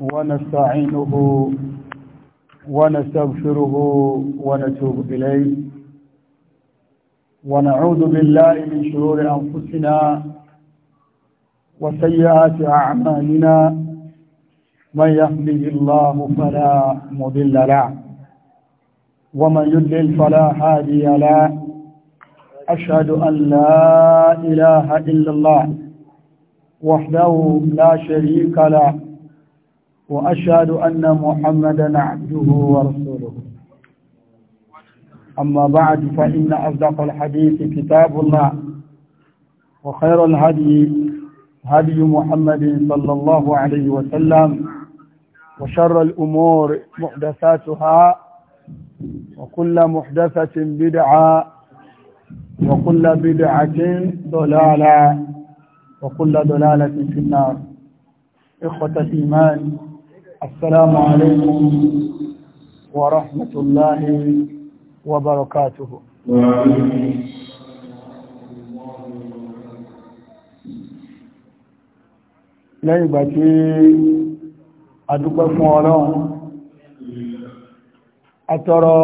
ونستعينه ونستغفره ونتوب إليه ونعوذ بالله من شرور أنفسنا وسيئات أعمالنا من يهده الله فلا مضل له ومن يضلل فلا هادي له أشهد أن لا إله إلا الله وحده لا شريك له وأشهد أن محمدا عبده ورسوله أما بعد فإن أصدق الحديث كتاب الله وخير الهدي هدي محمد صلى الله عليه وسلم وشر الأمور محدثاتها وكل محدثة بدعة وكل بدعة ضلالة وكل دلالة في النار إخوة إيمان السلام عليكم ورحمة الله وبركاته lẹ́yìn يبكي tí a dúpẹ́ fún ọlọ́run a tọrọ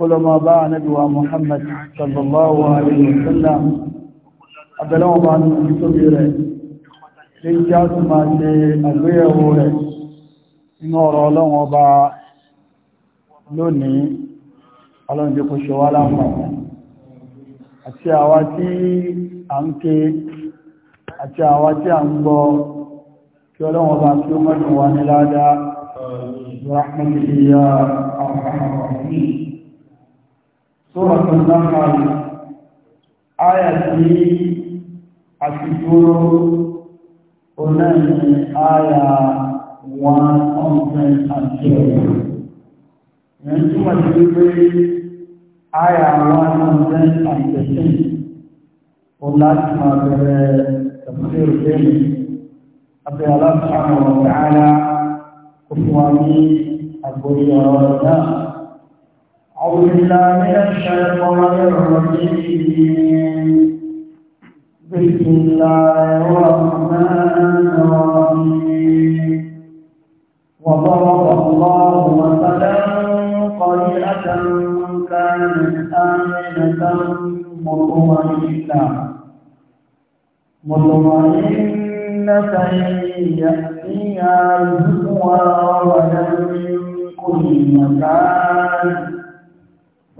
كل ما باع نبوى محمد صلى الله عليه وسلم أبلغ بعد المستدير للجاس ما أبيه ولد إن أرى لهم وباع lónìí ọlọ́njẹ́kọ́ ṣọwá láǹfààní àti àwa tí a ń ké àti àwa tí a ń gbọ́ kí ọlọ́wọ́n bá kí wa rahmatullahi سورة النحل آية الشجور هنا آية 102 Ìrìnjúmọ̀ ti wípé àyà àwọn ọmọdé àìsẹ̀sẹ̀ ó láti máa bẹ̀rẹ̀ ẹ̀kùnlé òṣèlú abẹ́ aláàbùsàn ọ̀rọ̀ ààrá kò fún wa ní àgbòrí ọ̀rọ̀ náà. أعوذ بالله بسم الله الرحمن الرحيم وضرب الله مثلا قرية كانت آمنة مطمئنة مطمئنة يأتيها الهدوء ولا من كل مكان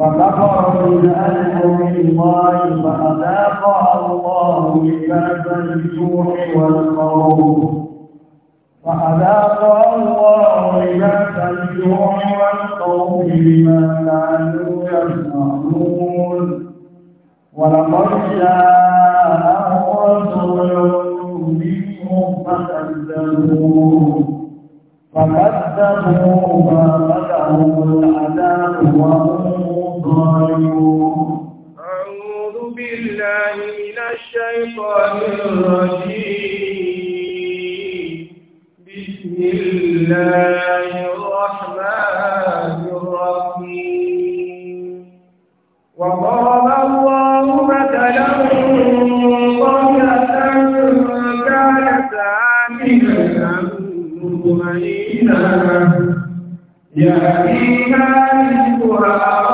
فكفروا بذلك بالله فأذاقها الله لباس الجوع والخوف فأذاقها الله لباب الجوع والخوف بما كانوا يصنعون ولقد جاءهم رسول منهم فكذبوه فكذبوا ما فأخذهم العذاب وهم الظالمون أعوذ بالله من الشيطان الرجيم بسم الله الرحمن الرحيم وقال الله مثلا قرية كانت آمنة مطمئنة يأتيها رزقها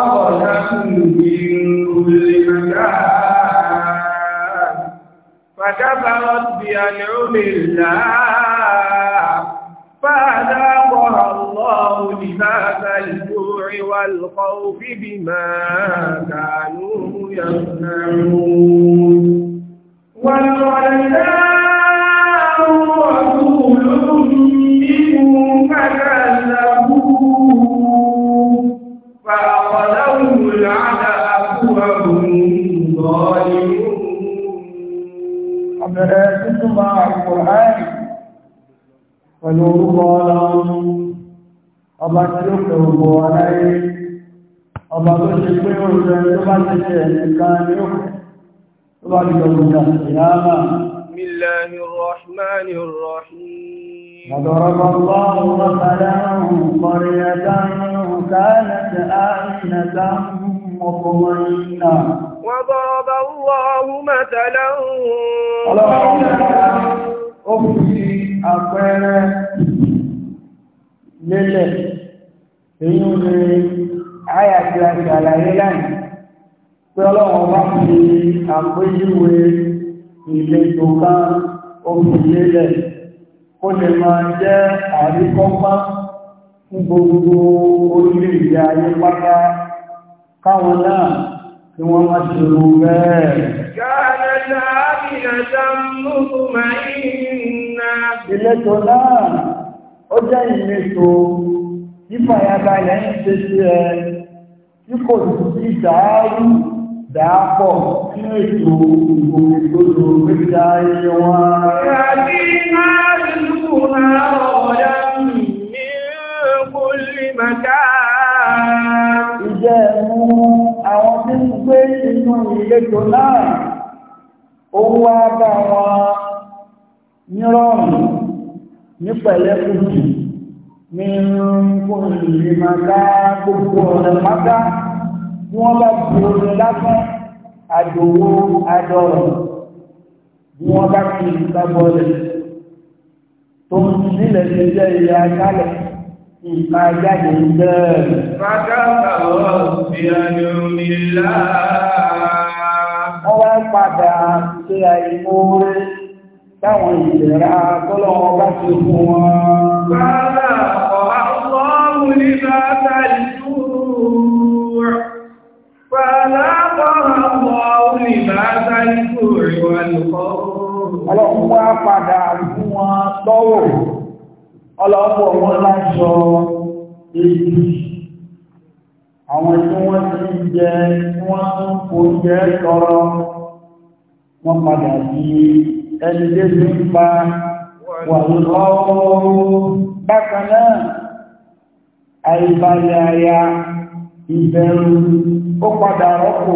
من كل مكان فكفرت بأنعم الله فأذاقها الله لباب الجوع والخوف بما كانوا يصنعون والغلاء رسول منهم فكان ọ̀bẹ̀rẹ̀ títúmọ̀ àkùránì pẹ̀lú orúkọ ọlọ́run ọba tí ó pẹ̀ ògbò aláyé ọba tó ṣe pé oúnjẹ tó bá ti ṣe ẹ̀nìkan ní òkú tó bá ti gbọ̀gbọ̀gbà ìyáàmà وضرب الله مثلا قرية وضرب الله مثلا lélẹ̀ èyí ni àyàtí àti àlàyé láì pé ọlọ́run bá fi àpéjúwe ìletò kan omi lélẹ̀ kó lè gbogbo orílẹ̀-èdè ayé pátá káwọn náà kí wọ́n má ṣe rú bẹ́ẹ̀. Ìletò náà, ó jẹ́ ìletò ìfàyàbalẹ̀ ń ṣe sí ẹ, tí kò sí dàárù dàápọ̀ nínú ètò ìgbòmí tó lò Ìjẹ́ mú àwọn tí ń gbé inú ìletò náà ó wá bá wọn nírọ̀rùn ní pẹ̀lẹ́kùtù ní kò lè máa ká gbogbo ọ̀nà pátá bí wọ́n bá bu orin lásán àdòwò ìfà jáde bẹ́ẹ̀. Fákàtà ọ̀bí àdúmìlá. Wọ́n wá padà ṣe àìmóore táwọn ìlera tọ́lọ́wọ́ bá ti fún wọn. Bàbá ọ̀hánwọ́mù ní bàbá ìlú. Bàbá ọ̀hánwọ́mù ní bàbá ìlú rí wọn lọ́wọ́. Ọlọ́run wá padà fún wọn tọ́wọ̀ ọlọ́pọ̀ wọn láṣọ èdè àwọn tí wọ́n ti jẹ wọ́n tún kò jẹ́ tọrọ wọ́n padà di ẹni dédé ń pa wà lọ́wọ́ bákan náà àìbalẹ̀ àyà ìbẹ̀rù ó padà rọ́pò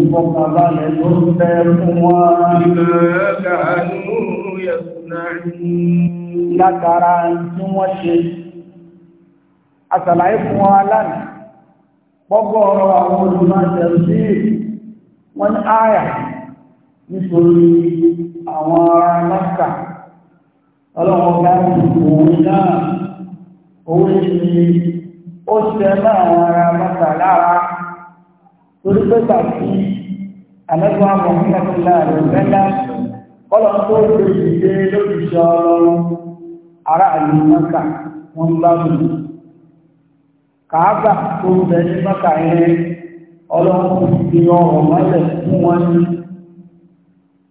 ìfọ̀kànbalẹ̀ tó ń bẹ fún wọn. Ìbẹ̀rẹ̀ kàánú yẹ̀ látara tí wọ́n ṣe fún wọn aláàmì pọ́pọ́ ọ̀rọ̀ àwọn olùmọ̀ọ́sẹ̀ sí wọ́n ní àyà nítorí àwọn ará mọ́ta ọlọ́wọ́n àlẹ́gbọ́n àwọn ọmọ ìgbàlódé láàrin ará ayi mọ́kà wọ́n ń gbádùn kàábà tó ń bẹ ní yẹn ọlọ́run ti mọ́lẹ̀ fún wọn ní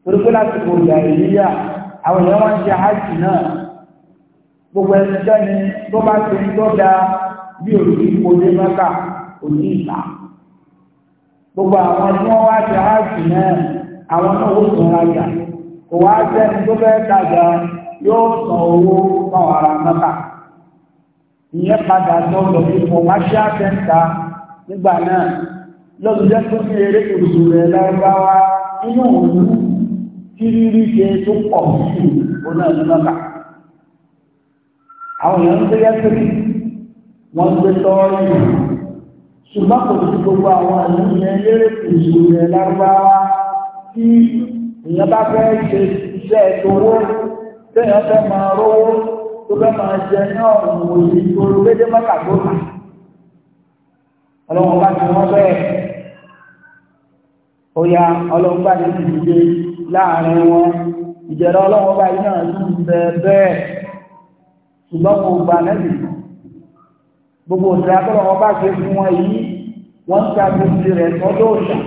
torí pé láti kò àwọn èèyàn wọn ṣe àjì náà gbogbo ẹni jẹ́ni tó bá ti ń dọ́gba bí òní ìpolé mọ́kà òní ìta gbogbo àwọn tí wọ́n wá ṣe àjì náà àwọn náà ó kò wá yóò sọ owó fáwọn ará mọ́ta ìyẹn padà lọ lọ sí commercial center nígbà náà lọ́dún jẹ́ tó ní eré ìrùsù rẹ̀ lárúbáwá inú òun tí rírí ṣe tó pọ̀ sí oná ìlúmọ́ta àwọn èèyàn ń gbé yẹ́sìrì wọ́n gbé tọ́ọ̀rì ṣùgbọ́n kò sí gbogbo àwọn ìlúmọ̀ eré ìrùsù rẹ̀ lárúbáwá tí èèyàn bá fẹ́ ṣe iṣẹ́ ìṣòwò tẹ́yà fẹ́ máa rówó tó fẹ́ máa jẹ ní ọ̀rùn òyìn ìṣòro lédè mọ́ta tó kà ọlọ́run bá ti wọ́n bẹ́ẹ̀ ó ya ọlọ́run bá ti dìde láàrin wọn ìjẹ̀rọ ọlọ́run bá yìí náà tún bẹ bẹ́ẹ̀ ṣùgbọ́n mo gbà lẹ́bi gbogbo òṣèré akọ́lọ́wọ́ bá ṣe fún wọn yìí wọ́n ta gbogbo rẹ̀ tọ́jú òṣà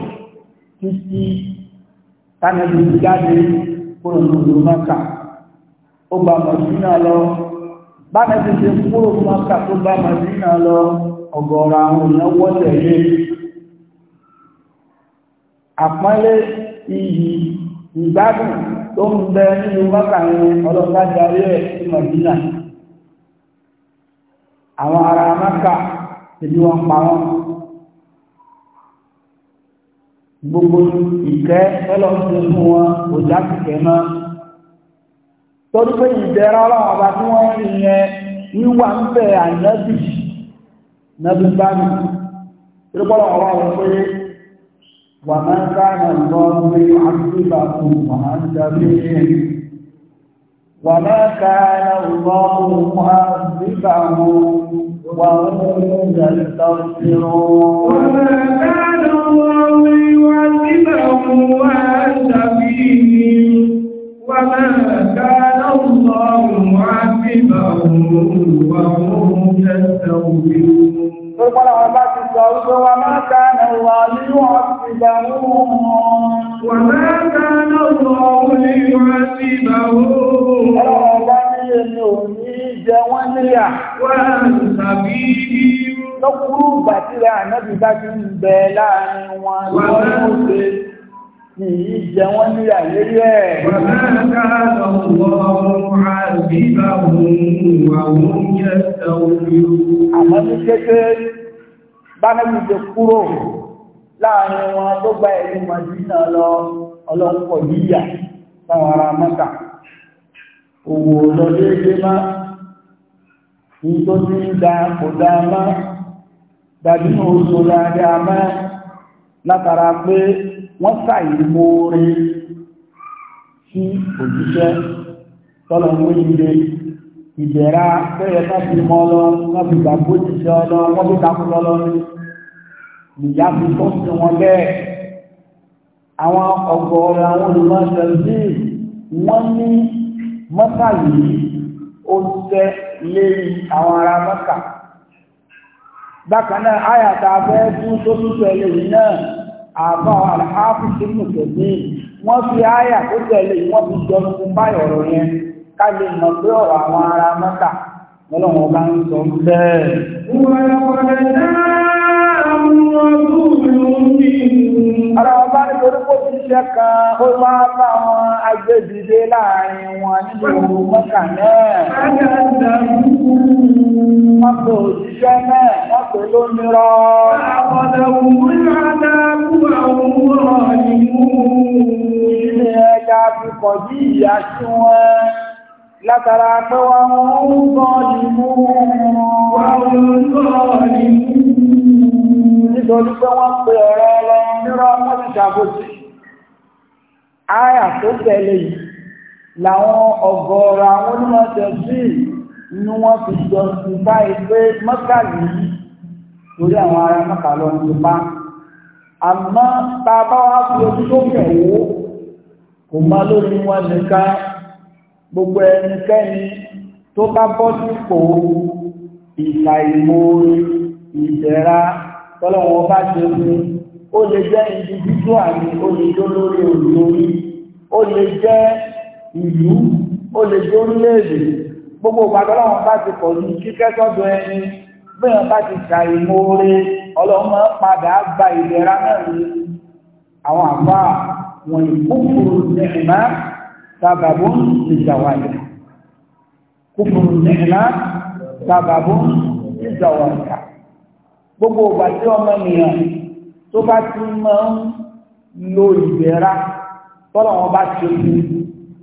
títí tánàbí jáde kúrò lóòrùn mọ́ta ó bá màdínà lọ bákan ti ṣe kúrò mọ́kà tó bá màdínà lọ ọ̀gọ̀ọ̀rọ̀ àwọn èèyàn wọ́ tẹ̀lé àpọ́nlé iyì ìgbádùn tó ń bẹ nínú mọ́kà yẹn ọlọ́pàá darí ẹ̀ sí màdínà àwọn ará mọ́kà ìlú wọn pa wọn gbogbo ìkẹ́ tọ́lọ́ ń ṣe fún wọn kò já kìkẹ́ náà torí pé ìdẹ̀ra ọlọ́wọ́ bá tí wọ́n rí yẹn wíwà ń bẹ̀ àyẹ́bì nẹ́bí bá mi ìrúkọ́lọ̀ ọ̀rọ̀ àwọn pé wà máa ń káàkiri lọ pé àdúgbà kù máa ń darí wà máa káàkiri lọ máa ń dìgbà mú wà ń mú ìdàrí wà máa káàkiri lọ pé wà ń dìgbà mú wà ń darí وما كان الله معذبهم وهم يستغفرون وما كان الله ليعذبهم وما كان الله ليعذبهم وأنت بهم Lọ́kúrú ìgbà tí rẹ̀ ànábì bá ti ń bẹ láàrin wọn lọ́wọ́ ṣe kì í jẹ wọ́n ní àlérí ẹ̀. Àmọ́ ní kété bánẹ́bí ti kúrò láàrin wọn tó gba ẹ̀rí Màdínà lọ ọlọ́pọ̀ yíyà táwọn ará Mọ́kà. Òwò lọ déédé má, ní tó ti ń da kò dáa má, dàbí òṣòro àdáa má, látara pé wọ́n sàyè mọ́ọ́rẹ́ sí òjíṣẹ́ tọ́lọ̀ ń wí ilé ìbẹ̀rà fẹ́yẹ káfí mọ́ lọ wọ́n fi gbàgbó jíṣẹ́ ọlọ wọ́n fi takú lọ́lọ́ ní ìyá fi tó sí wọn bẹ́ẹ̀ àwọn ọ̀gọ̀ọ̀rọ̀ àwọn olùmọ̀ọ́sẹ̀lẹ̀ wọ́n ní mọ́tà yìí ó tẹ́ lérí àwọn ará mọ́tà bákan náà àyàtà fẹ́ tún tó tún tẹ̀lé yìí náà àbá àlháfíṣẹ́ mùsùlùmí wọ́n fi áyà tó tẹ̀lé wọ́n fi jọ fún báyìí ọ̀rọ̀ yẹn ká lè mọ̀ pé ọ̀rọ̀ àwọn ará mọ́ta lọ́lọ́wọ́n bá ń sọ bẹ́ẹ̀. Ara ọba nítorí ó máa bá wọn agbébìdé láàrin wọn nínú mọ́ta náà. Wọ́n náà, wọ́n Àwọn ọ̀dọ̀ òun náà. àwòrán ìmú ilé ẹja púpọ̀ bí ìyá tí wọ́n látara pé wọ́n ń bọ́ nínú wọ́n ń bọ́ nínú nítorí pé wọ́n pe ọ̀rọ̀ lọ nírọ̀ wọ́n ṣàbòsí. Áyà tó tẹ̀lé yìí làwọn ọ̀gọ̀ọ̀rọ̀ àwọn onímọ̀ọ́sẹ̀ sí ni wọ́n fi jọ sí báyìí pé mọ́kàlì torí àwọn ará mọ́kàlọ́ ń àmọ́ tá a bá wá fi ojú tó kẹ̀wó kò má lórí wọn nìkan gbogbo ẹnikẹ́ni tó bá bọ́ sípò ìkà ìmoore ìdẹ̀ra tọ́lọ́wọ́ bá ṣe fún ó lè jẹ́ individual àmì ó lè jó lórí olórí ó lè jẹ́ ìlú ó lè jó orílẹ̀-èdè gbogbo ìgbàgbọ́ làwọn bá ti pọ̀ ní kíkẹ́ sọ́dọ̀ ẹni bẹ́ẹ̀ bá ti ṣà ìmoore ọlọ́mọ padà gba ìlera náà ní àwọn àbá wọn ìkúfùrù nìhìnà sábàbù ìjàwáyà kúfùrù nìhìnà sábàbù ìjàwáyà gbogbo ìgbà tí ọmọ ènìyàn tó bá ti máa ń lo ìlera tọ́lọ̀ wọn bá ti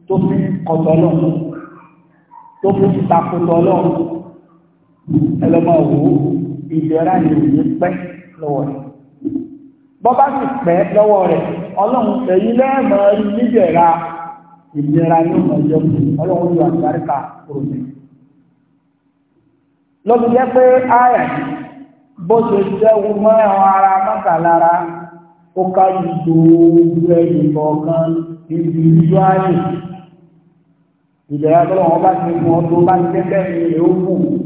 tó fi kọ̀tọ̀ lọ tó fi takotọ̀ lọ. ẹlọ́mọ wò ó ìdẹ̀ra ni òye pẹ́ lọ́wọ́ rẹ̀ bọ́bá sì pẹ́ ọlọ́run ẹ̀yìn lẹ́ẹ̀mọ́ nídẹ̀ra ọlọ́run yóò àgbáríkà kúrò ní. lọ́bi jẹ́ pé ààyè bó ṣe jẹ́wọ́ mọ́ ẹ̀wọ̀n ara ó ká ẹ̀yìn kọ̀ọ̀kan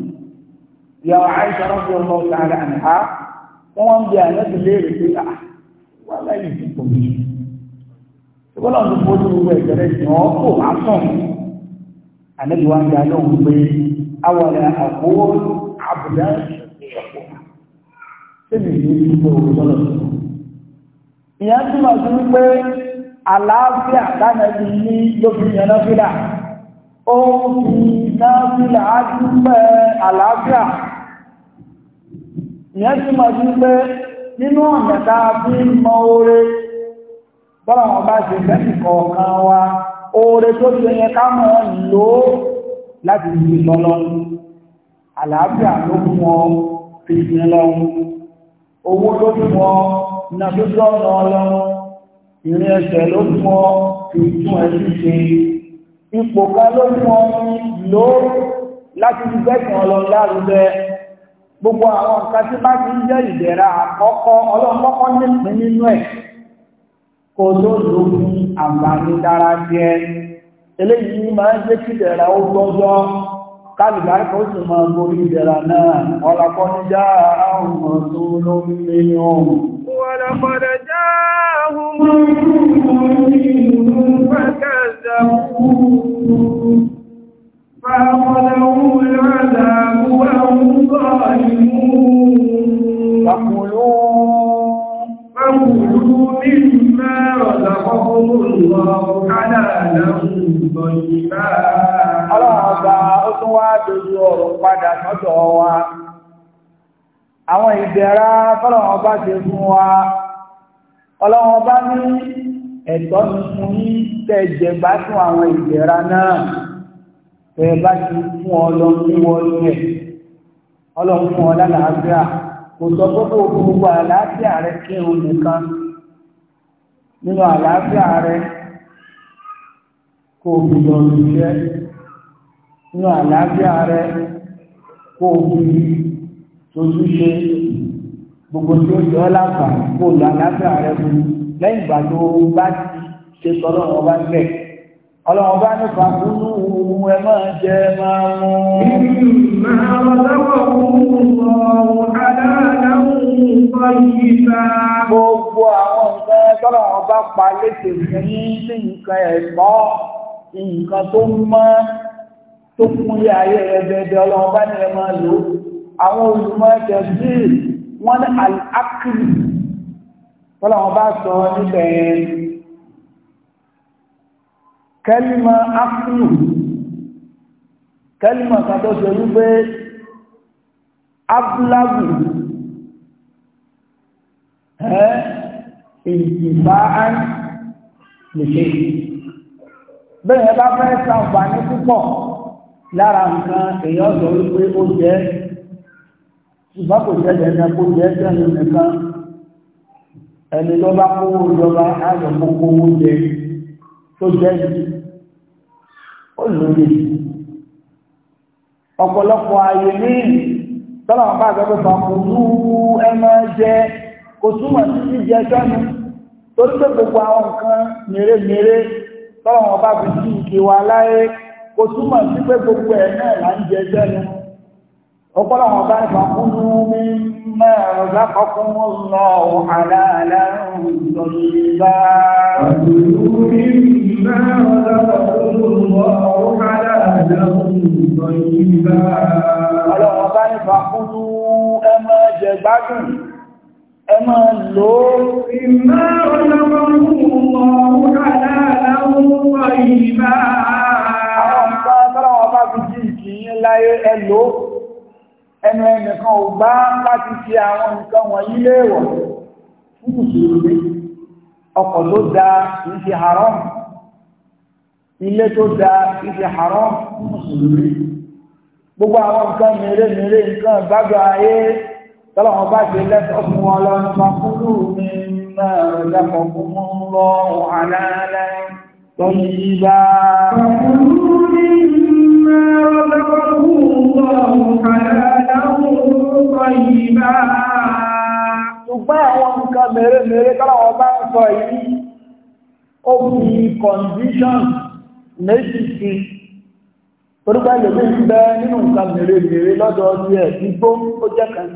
ìyá àìsàn rọ́bì ọmọ ọ̀sán ara àmì ha wọ́n wọ́n ń bí àyẹ̀tì léèrè pé ah, à wọ́n láyé ìdìbò mi. ṣùgbọ́n náà ló fojú gbogbo ìbẹ̀rẹ̀ sí wọn kó wá sùn. àlejò wa ń da lóhùn pé awọ̀lẹ̀ àkówó àbùdá ìṣẹ̀kọ̀ sẹ́mi ìlú ìlú ìṣọ̀lọ̀ ìyá túmọ̀ sí wípé àlàáfíà dánàbí ní lóbìnrin yẹn náà fílà ó fi náà fílà á dúpẹ́ àlàáfíà ìyẹn tí mọ̀ sí pé nínú ọ̀nà tá a fi ń mọ oore bọ́lá wọn bá ṣe fẹ́ẹ̀kì kọ̀ọ̀kan wa oore tó ṣe yẹ ká mọ̀ lò ó láti fi lọ́lọ́ àlàáfíà ló fún wọn fi sin lọ́wọ́ owó ló fún wọn iná tó tọ́ ọ̀nà ọlọ́wọ́ ìrìn ẹsẹ̀ ló fún wọn fi tún ẹsẹ̀ ṣe ipò kan ló fún wọn lò ó láti fi fẹ́ẹ̀kì ọlọ́run lárugẹ gbogbo àwọn nǹkan tí bá ti ń jẹ́ ìdẹ̀ra àkọ́kọ́ ọlọ́pọ́kọ́ nípìn nínú ẹ̀ kò tó lò ní àǹfààní dára jẹ́ eléyìí máa ń jẹ́ kí ìdẹ̀ra ó gbọ́gbọ́ kálùbáríkà ó sì máa borí ìdẹ̀ra náà ọlọ́pọ́ ní já àwọn tó ló ń lé ní ọmọ Ọlọ́run ọba ó tún wá dojú ọ̀rọ̀ padà sọ́dọ̀ wa. Àwọn ìdẹ̀ra fọ́lọ́run ọba ṣe fún wa. Ọlọ́run bá ní ẹ̀tọ́ mi fún ní tẹ̀jẹ̀ bá àwọn ìdẹ̀ra náà. Tẹ̀ bá ti fún ọlọ́run kó o fi lọ ṣiṣẹ́ nínú àlàáfíà rẹ kó o fi tójú ṣe gbogbo tí ó jẹ ọ́ láǹfààní kó o lọ àlàáfíà rẹ fún lẹ́yìn ìgbà tó o bá ti ṣe tọ́lọ́ ọba ń bẹ̀. Ọlọ́run bá ní fàkúrú ẹ máa jẹ máa mú. Máa lọ́wọ́ ọ̀hún aláàdáhùn kọ́ yíta. Gbogbo àwọn nǹkan tọ́lọ́run bá pa létè fún yín sí nǹkan ẹ̀gbọ́n nǹkan tó mọ́ tó kún lé ayé ẹgbẹ̀ẹ́dẹ̀ ọlọ́run bá ní ẹ máa lò àwọn olùmọ̀ ẹ̀jẹ̀ sí wọ́n ní àkìlì tọ́lọ́run bá sọ níbẹ̀ kẹ́límà ákìlù kẹ́límà kan tó ṣe wípé ábúlágù ẹ̀ ìjìbá lè ṣe yìí bẹ́ẹ̀ ẹ bá fẹ́ ṣàǹfààní púpọ̀ lára nǹkan èèyàn sọ wípé ó jẹ́ ṣùgbọ́n kò jẹ́ ẹ̀ẹ́dẹ́ kó jẹ́ sẹ́nu nìkan ẹni ló bá kówó ìjọba ayọ̀ kó kówó jẹ tó jẹ́ ó lóye ọ̀pọ̀lọpọ̀ ayé ní tọ́lá wọn bá àgbẹ̀bẹ̀ kan kò ní ẹ máa jẹ kò túmọ̀ sí jíjẹ sẹ́nu torí pé gbogbo àwọn nǹkan mèremère tọ́lọ̀ wọn bá fi sí ìké wa láyé kò túmọ̀ sí pé gbogbo ẹ̀ náà là ń jẹ jẹ́nu ọpọlọ wọn bá nípa kúrú mi mẹ́rin lákọ̀ọ́kún lọ àlàálẹ̀ ìjọba kúrú mi mẹ́rin lákọ̀ọ́kún lọ àlàálẹ̀ ìjọba ọlọ́wọ́n bá nípa kúrú ẹ máa jẹ gbádùn ẹ máa lò ó ìmẹ́rin lákọ̀ọ́kún lọ ìbá. Àwọn nǹkan tọ́lọ́wọ́ bá fi jí ìkìyín láyé ẹlò ẹnu ẹnìkan ò bá láti fi àwọn nǹkan wọ̀nyí léèwọ̀ fún ìṣòro ọkọ̀ tó dáa kìí ṣe haram ilé tó dáa kìí ṣe haram fún ìṣòro gbogbo àwọn nǹkan mèremère nǹkan ìgbádùn ayé tọ́lọ́wọ́n bá ṣe lẹ́tọ̀ọ́ fún wọn lọ́nà طيبا فكلوا مما رزقكم الله حلالا طيبا ṣùgbọ́n àwọn nǹkan mèremère tọ́lọ̀wọ́ bá ń sọ yìí ó fi condition méjì sí torípẹ́ lèmi ń bẹ nínú nǹkan mèremère lọ́dọ̀ ọdún ẹ̀ gbígbó ó jẹ́ kan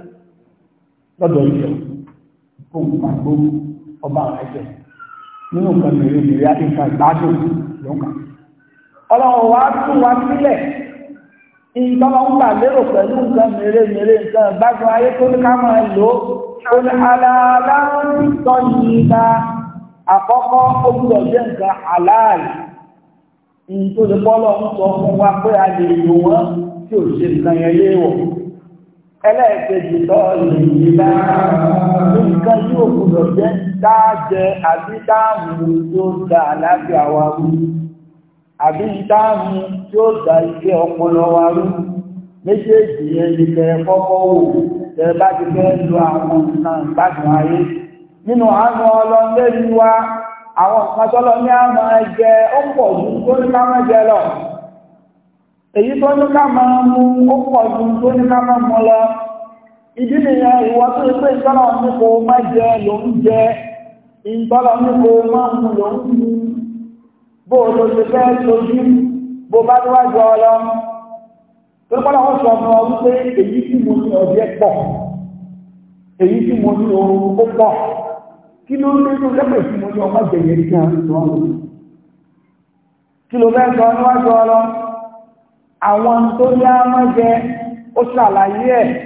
lọ́dọ̀ ìjọ kó gbàgbó ọba ẹ̀jẹ̀ nínú nǹkan mèrè mèrè àti nǹkan ìgbádùn lọ́kàn ọlọ́run wá tún wa sílẹ̀ ìtọ́lọ́ ń gbà lérò pẹ̀lú nǹkan mèrè mèrè nǹkan ìgbádùn ayé tó ní ká máa lò ó ní aláàlá ń tọ́ yìí ta àkọ́kọ́ ó gbúdọ̀ jẹ́ nǹkan ìdájẹ àbí dáàmù tí ó da àlàáfíà wa rú àbí dáàmù tí ó da iṣẹ́ ọpọlọ wa rú méjèèjì yẹn ni kẹ kọ́kọ́ wò kẹ bá ti fẹ́ lo àwọn nǹkan ìgbádùn ayé nínú àánú ọlọ́lẹ́rìí wa àwọn nǹkan tọ́lọ́ ní àmọ́ ẹjẹ ó pọ̀ ju tó ní ká má jẹ lọ èyí ìdí nìyẹn ìwọ tó pé ìtọ́lọ̀ ní kò má jẹ ló ń jẹ ìtọ́lọ̀ ní kò má mú ló ń mú bó o lọ sí fẹ́ lójú bó bá tó wá jọ ọ lọ tó sọ fún ọ wípé èyí tí mo ní ọ̀jẹ́ pọ̀ èyí tí mo ní oorun ó pọ̀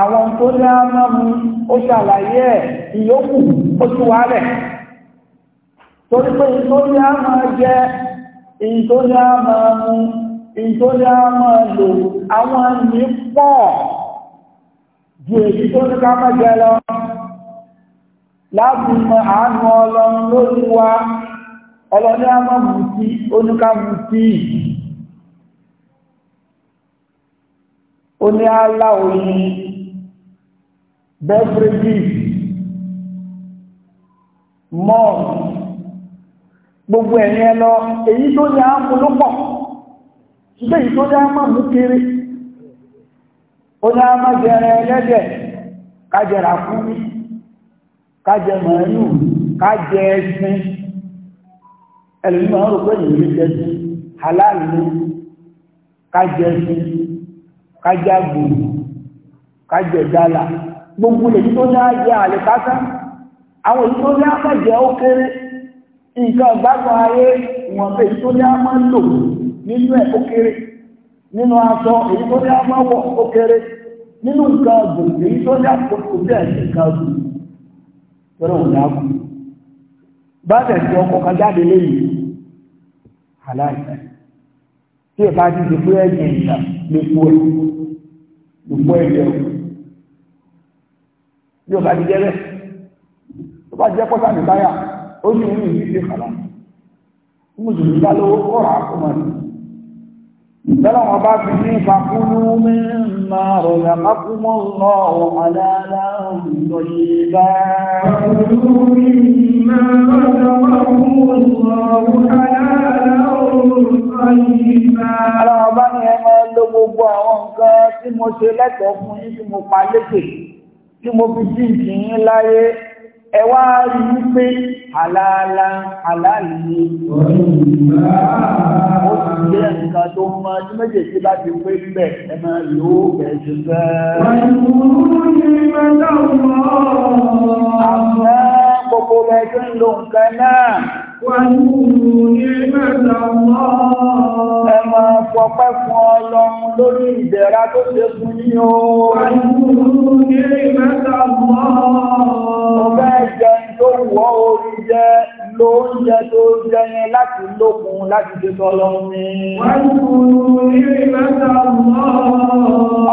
àwọn tó ní ámámú ó ṣàlàyé ẹ̀ ìyókù ó tún wà lẹ̀ torí pé ìtò ní ámá jẹ́ ìtò ní ámá mú ìtò ní ámá lò àwọn ní pọ̀ ju èyí tó ní kámá jẹ lọ láti mọ àánú ọlọ́run lórí wa ọlọ́ní ámá mú sí oníkámú sí ó ní aláwòrán beverages mall gbogbo ẹ̀yẹn lọ èyí tó ní ámúlú pọ̀ ṣùgbọ́n èyí tó ní ámàmú kiri ó ní ámájẹrẹ ẹlẹ́dẹ̀ kájẹrà fún kájẹ màálù kájẹ ẹṣin pé kájẹ ẹṣin kájẹ àgbò kájẹ dálà. gbogbo èyí tó ní àjẹ́ àlèkásá àwọn èyí tó ní àpẹjẹ ó kéré nǹkan ọ̀gbágbọ́ ayé wọn pé èyí tó ní a máa ń lò nínú ẹ̀ ó kéré nínú aṣọ èyí tó ní a máa wọ̀ ó kéré nínú nǹkan ọ̀gbìn èyí tó ní nǹkan ọ̀gbìn òun kú bí o bá ti jẹ́ bẹ́ẹ̀ tó bá jẹ́ pọ́sà ní báyà ó ní inú ìlú ṣe kàlá mùsùlùmí bá lówó kọ́ra kó mọ̀ ní ìtọ́lọ́ wọn bá fi ní ìfàkúrú mímọ rọ̀yà mákúmọ́ lọ ọ̀hánlá lọ yìí bá Àwọn ọba ni ẹ tí mo fi jí ìjìyín láyé ẹ wá rí wípé àlàálá àlàálì ó sì jẹ́ nǹkan tó mọ tí méjèèjì bá pé bẹ̀ ẹ máa lò ó bẹ̀ ṣe fẹ́. àmọ́ gbogbo rẹ̀ tó ń lo nǹkan náà. Ẹ máa fọpẹ́ fún Ọlọ́run lórí ìdẹ̀ra tó ṣe fún yín o. láti lókun láti ṣe tọ́lọ ní.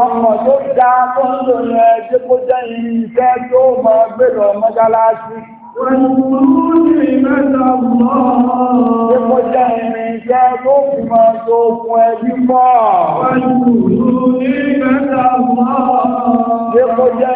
Ọmọ tó dá tó ń lò ní ẹjẹ́ kó jẹ́ iṣẹ́ tó mọ gbèrò mọ́ṣáláṣí. Ẹ̀kọ́ jẹ́ irinṣẹ́ tó fi mọ́ tó fún ẹbí pọ̀. Ẹ̀kọ́ jẹ́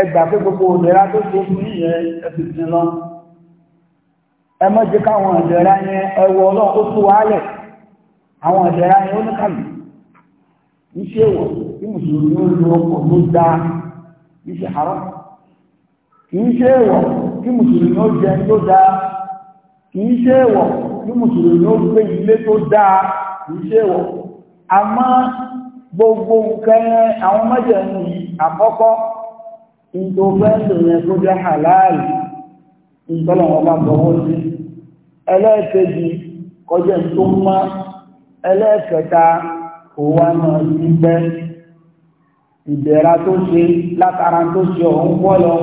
ẹgbà pé gbogbo òdẹ̀rá tó ṣe fún ìyẹn ẹ̀sìsìn lọ ẹ má jẹ́ káwọn òdẹ̀rá yẹn ẹwọ ọlọ́ ó tó wálẹ̀ àwọn òdẹ̀rá yẹn ó ní kàlù iṣẹ́ ìwọ̀ tí mùsùlùmí ó lo ọkọ̀ tó dá iṣẹ́ àárọ̀ kìí ṣe ìwọ̀ tí mùsùlùmí ó jẹ tó dá kìí ṣe ìwọ̀ tí mùsùlùmí ó gbé ilé tó dá kìí ṣe ìwọ̀ àmọ́ gbogbo nǹkan àwọn mẹ́jẹ̀ yìí àkọ́kọ́ ìtò fẹ́ẹ̀sì yẹn tó jẹ́ halal ìtọ́lọ̀wọ́ bá gbọ́wọ́ sí ẹlẹ́ẹ̀kejì kọjẹ́ tó mọ́ ẹlẹ́ẹ̀kẹta kò wá náà sí bẹ́ ìbẹ̀ra tó ṣe látara tó ṣe ọ̀hún pọ́ lọ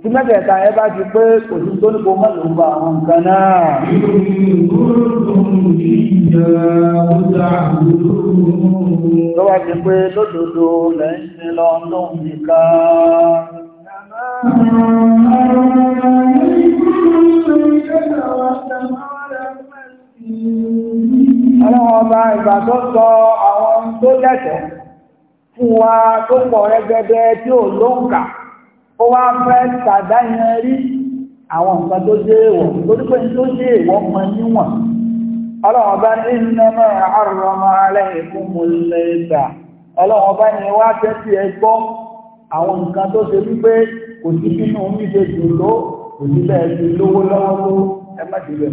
tí mẹ́tẹ̀ẹ̀ta ẹ bá ti pé kò sí tó ní kó mọ́ ló gba àwọn nǹkan náà lọ́wọ́ ti pé lódodo lẹ́yìn lọ́nà nìkan Àwọn ọba ìgbà tó sọ àwọn tó lẹ́tọ̀ọ́ fún wa tó pọ̀ rẹ́gẹ́gẹ́ tí ò lóǹkà, ó wá fẹ́ tàdá ìyẹn rí àwọn nǹkan tó jẹ́ èwọ̀, tó dípẹ́ tó dé èwọ̀ mọ níwọ̀n. Ọlọ́run ọba ní àwọn nǹkan tó ṣe wípé kò sí nínú omi ṣe dùn ló kò sí bẹ́ẹ̀ ti lówó lọ́wọ́ tó ẹ má ti rẹ̀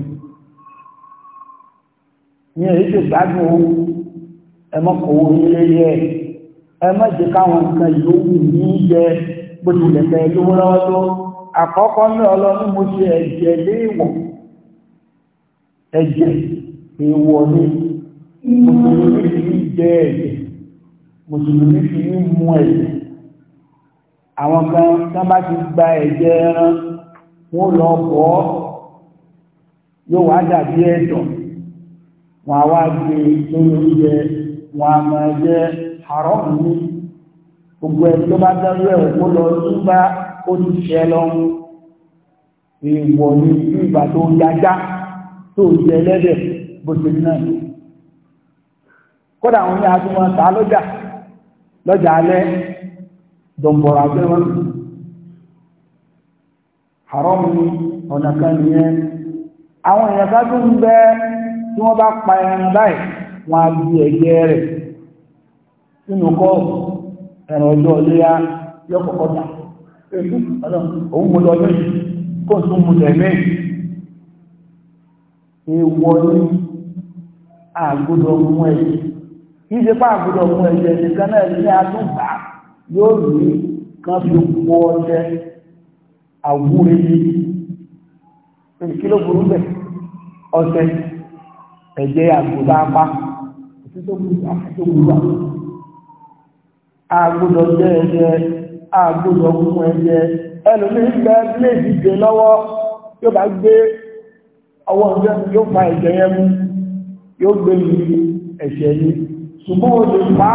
ní èyí ṣe gbádùn o ẹ má kó owó nílé yẹ ẹ má jẹ káwọn nǹkan ìlówó ní jẹ bó tilẹ̀ fẹ́ lówó lọ́wọ́ tó àkọ́kọ́ ní ọlọ́run mo ṣe ẹ̀jẹ̀ léèwọ̀ ẹ̀jẹ̀ èèwọ̀ ni mùsùlùmí fi jẹ ẹ̀jẹ̀ mùsùlùmí fi ń ẹ̀jẹ̀ àwọn kan tán bá ti gba ẹ̀jẹ̀ ẹran wọ́n lọ pọ̀ yóò wá dàbí ẹ̀dọ̀ wọn a wá gbé lórí e oúnjẹ wọn a máa jẹ àrọ́ọ̀mù ní gbogbo ẹni tó bá dárú ẹ̀ kó lọ túbá ó ti ṣẹ lọ́run ìwọ̀ ni bí ìgbà tó yájá tó jẹ ẹlẹ́dẹ̀ bó ṣe náà kódà àwọn ní asúnmọ́ ta lọ́jà lọ́jà alẹ́ dọ̀m̀bọ̀rọ̀ àgbẹ̀wọ̀n haram ni ọ̀nà kan nìyẹn àwọn èèyàn tí wọ́n bá pa ẹran báyìí wọ́n á ẹ̀jẹ̀ rẹ̀ kọ́ ẹ̀rọ ọjọ́ léyà yọkọ̀kọ́ dà òun mo lọ kó tún mú ẹ̀jẹ̀ kí ṣe mú yóò ní kán fi pọ̀ ọjẹ́ àwúre yìí kí ló burú bẹ̀ ọ̀sẹ̀ ẹ̀jẹ̀ àgbòdá apá tó burú wà àgbòdọ̀ jẹ́ ẹ̀jẹ̀ àgbòdọ̀ mú ẹ̀jẹ̀ ẹlòmí ń bẹ bíléèdì jẹ lọ́wọ́ yóò bá gbé ọwọ́ ọjọ́ yóò fa ẹ̀jẹ̀ yẹn mú yóò gbé mi ẹ̀ṣẹ̀ yìí ṣùgbọ́n o lè pa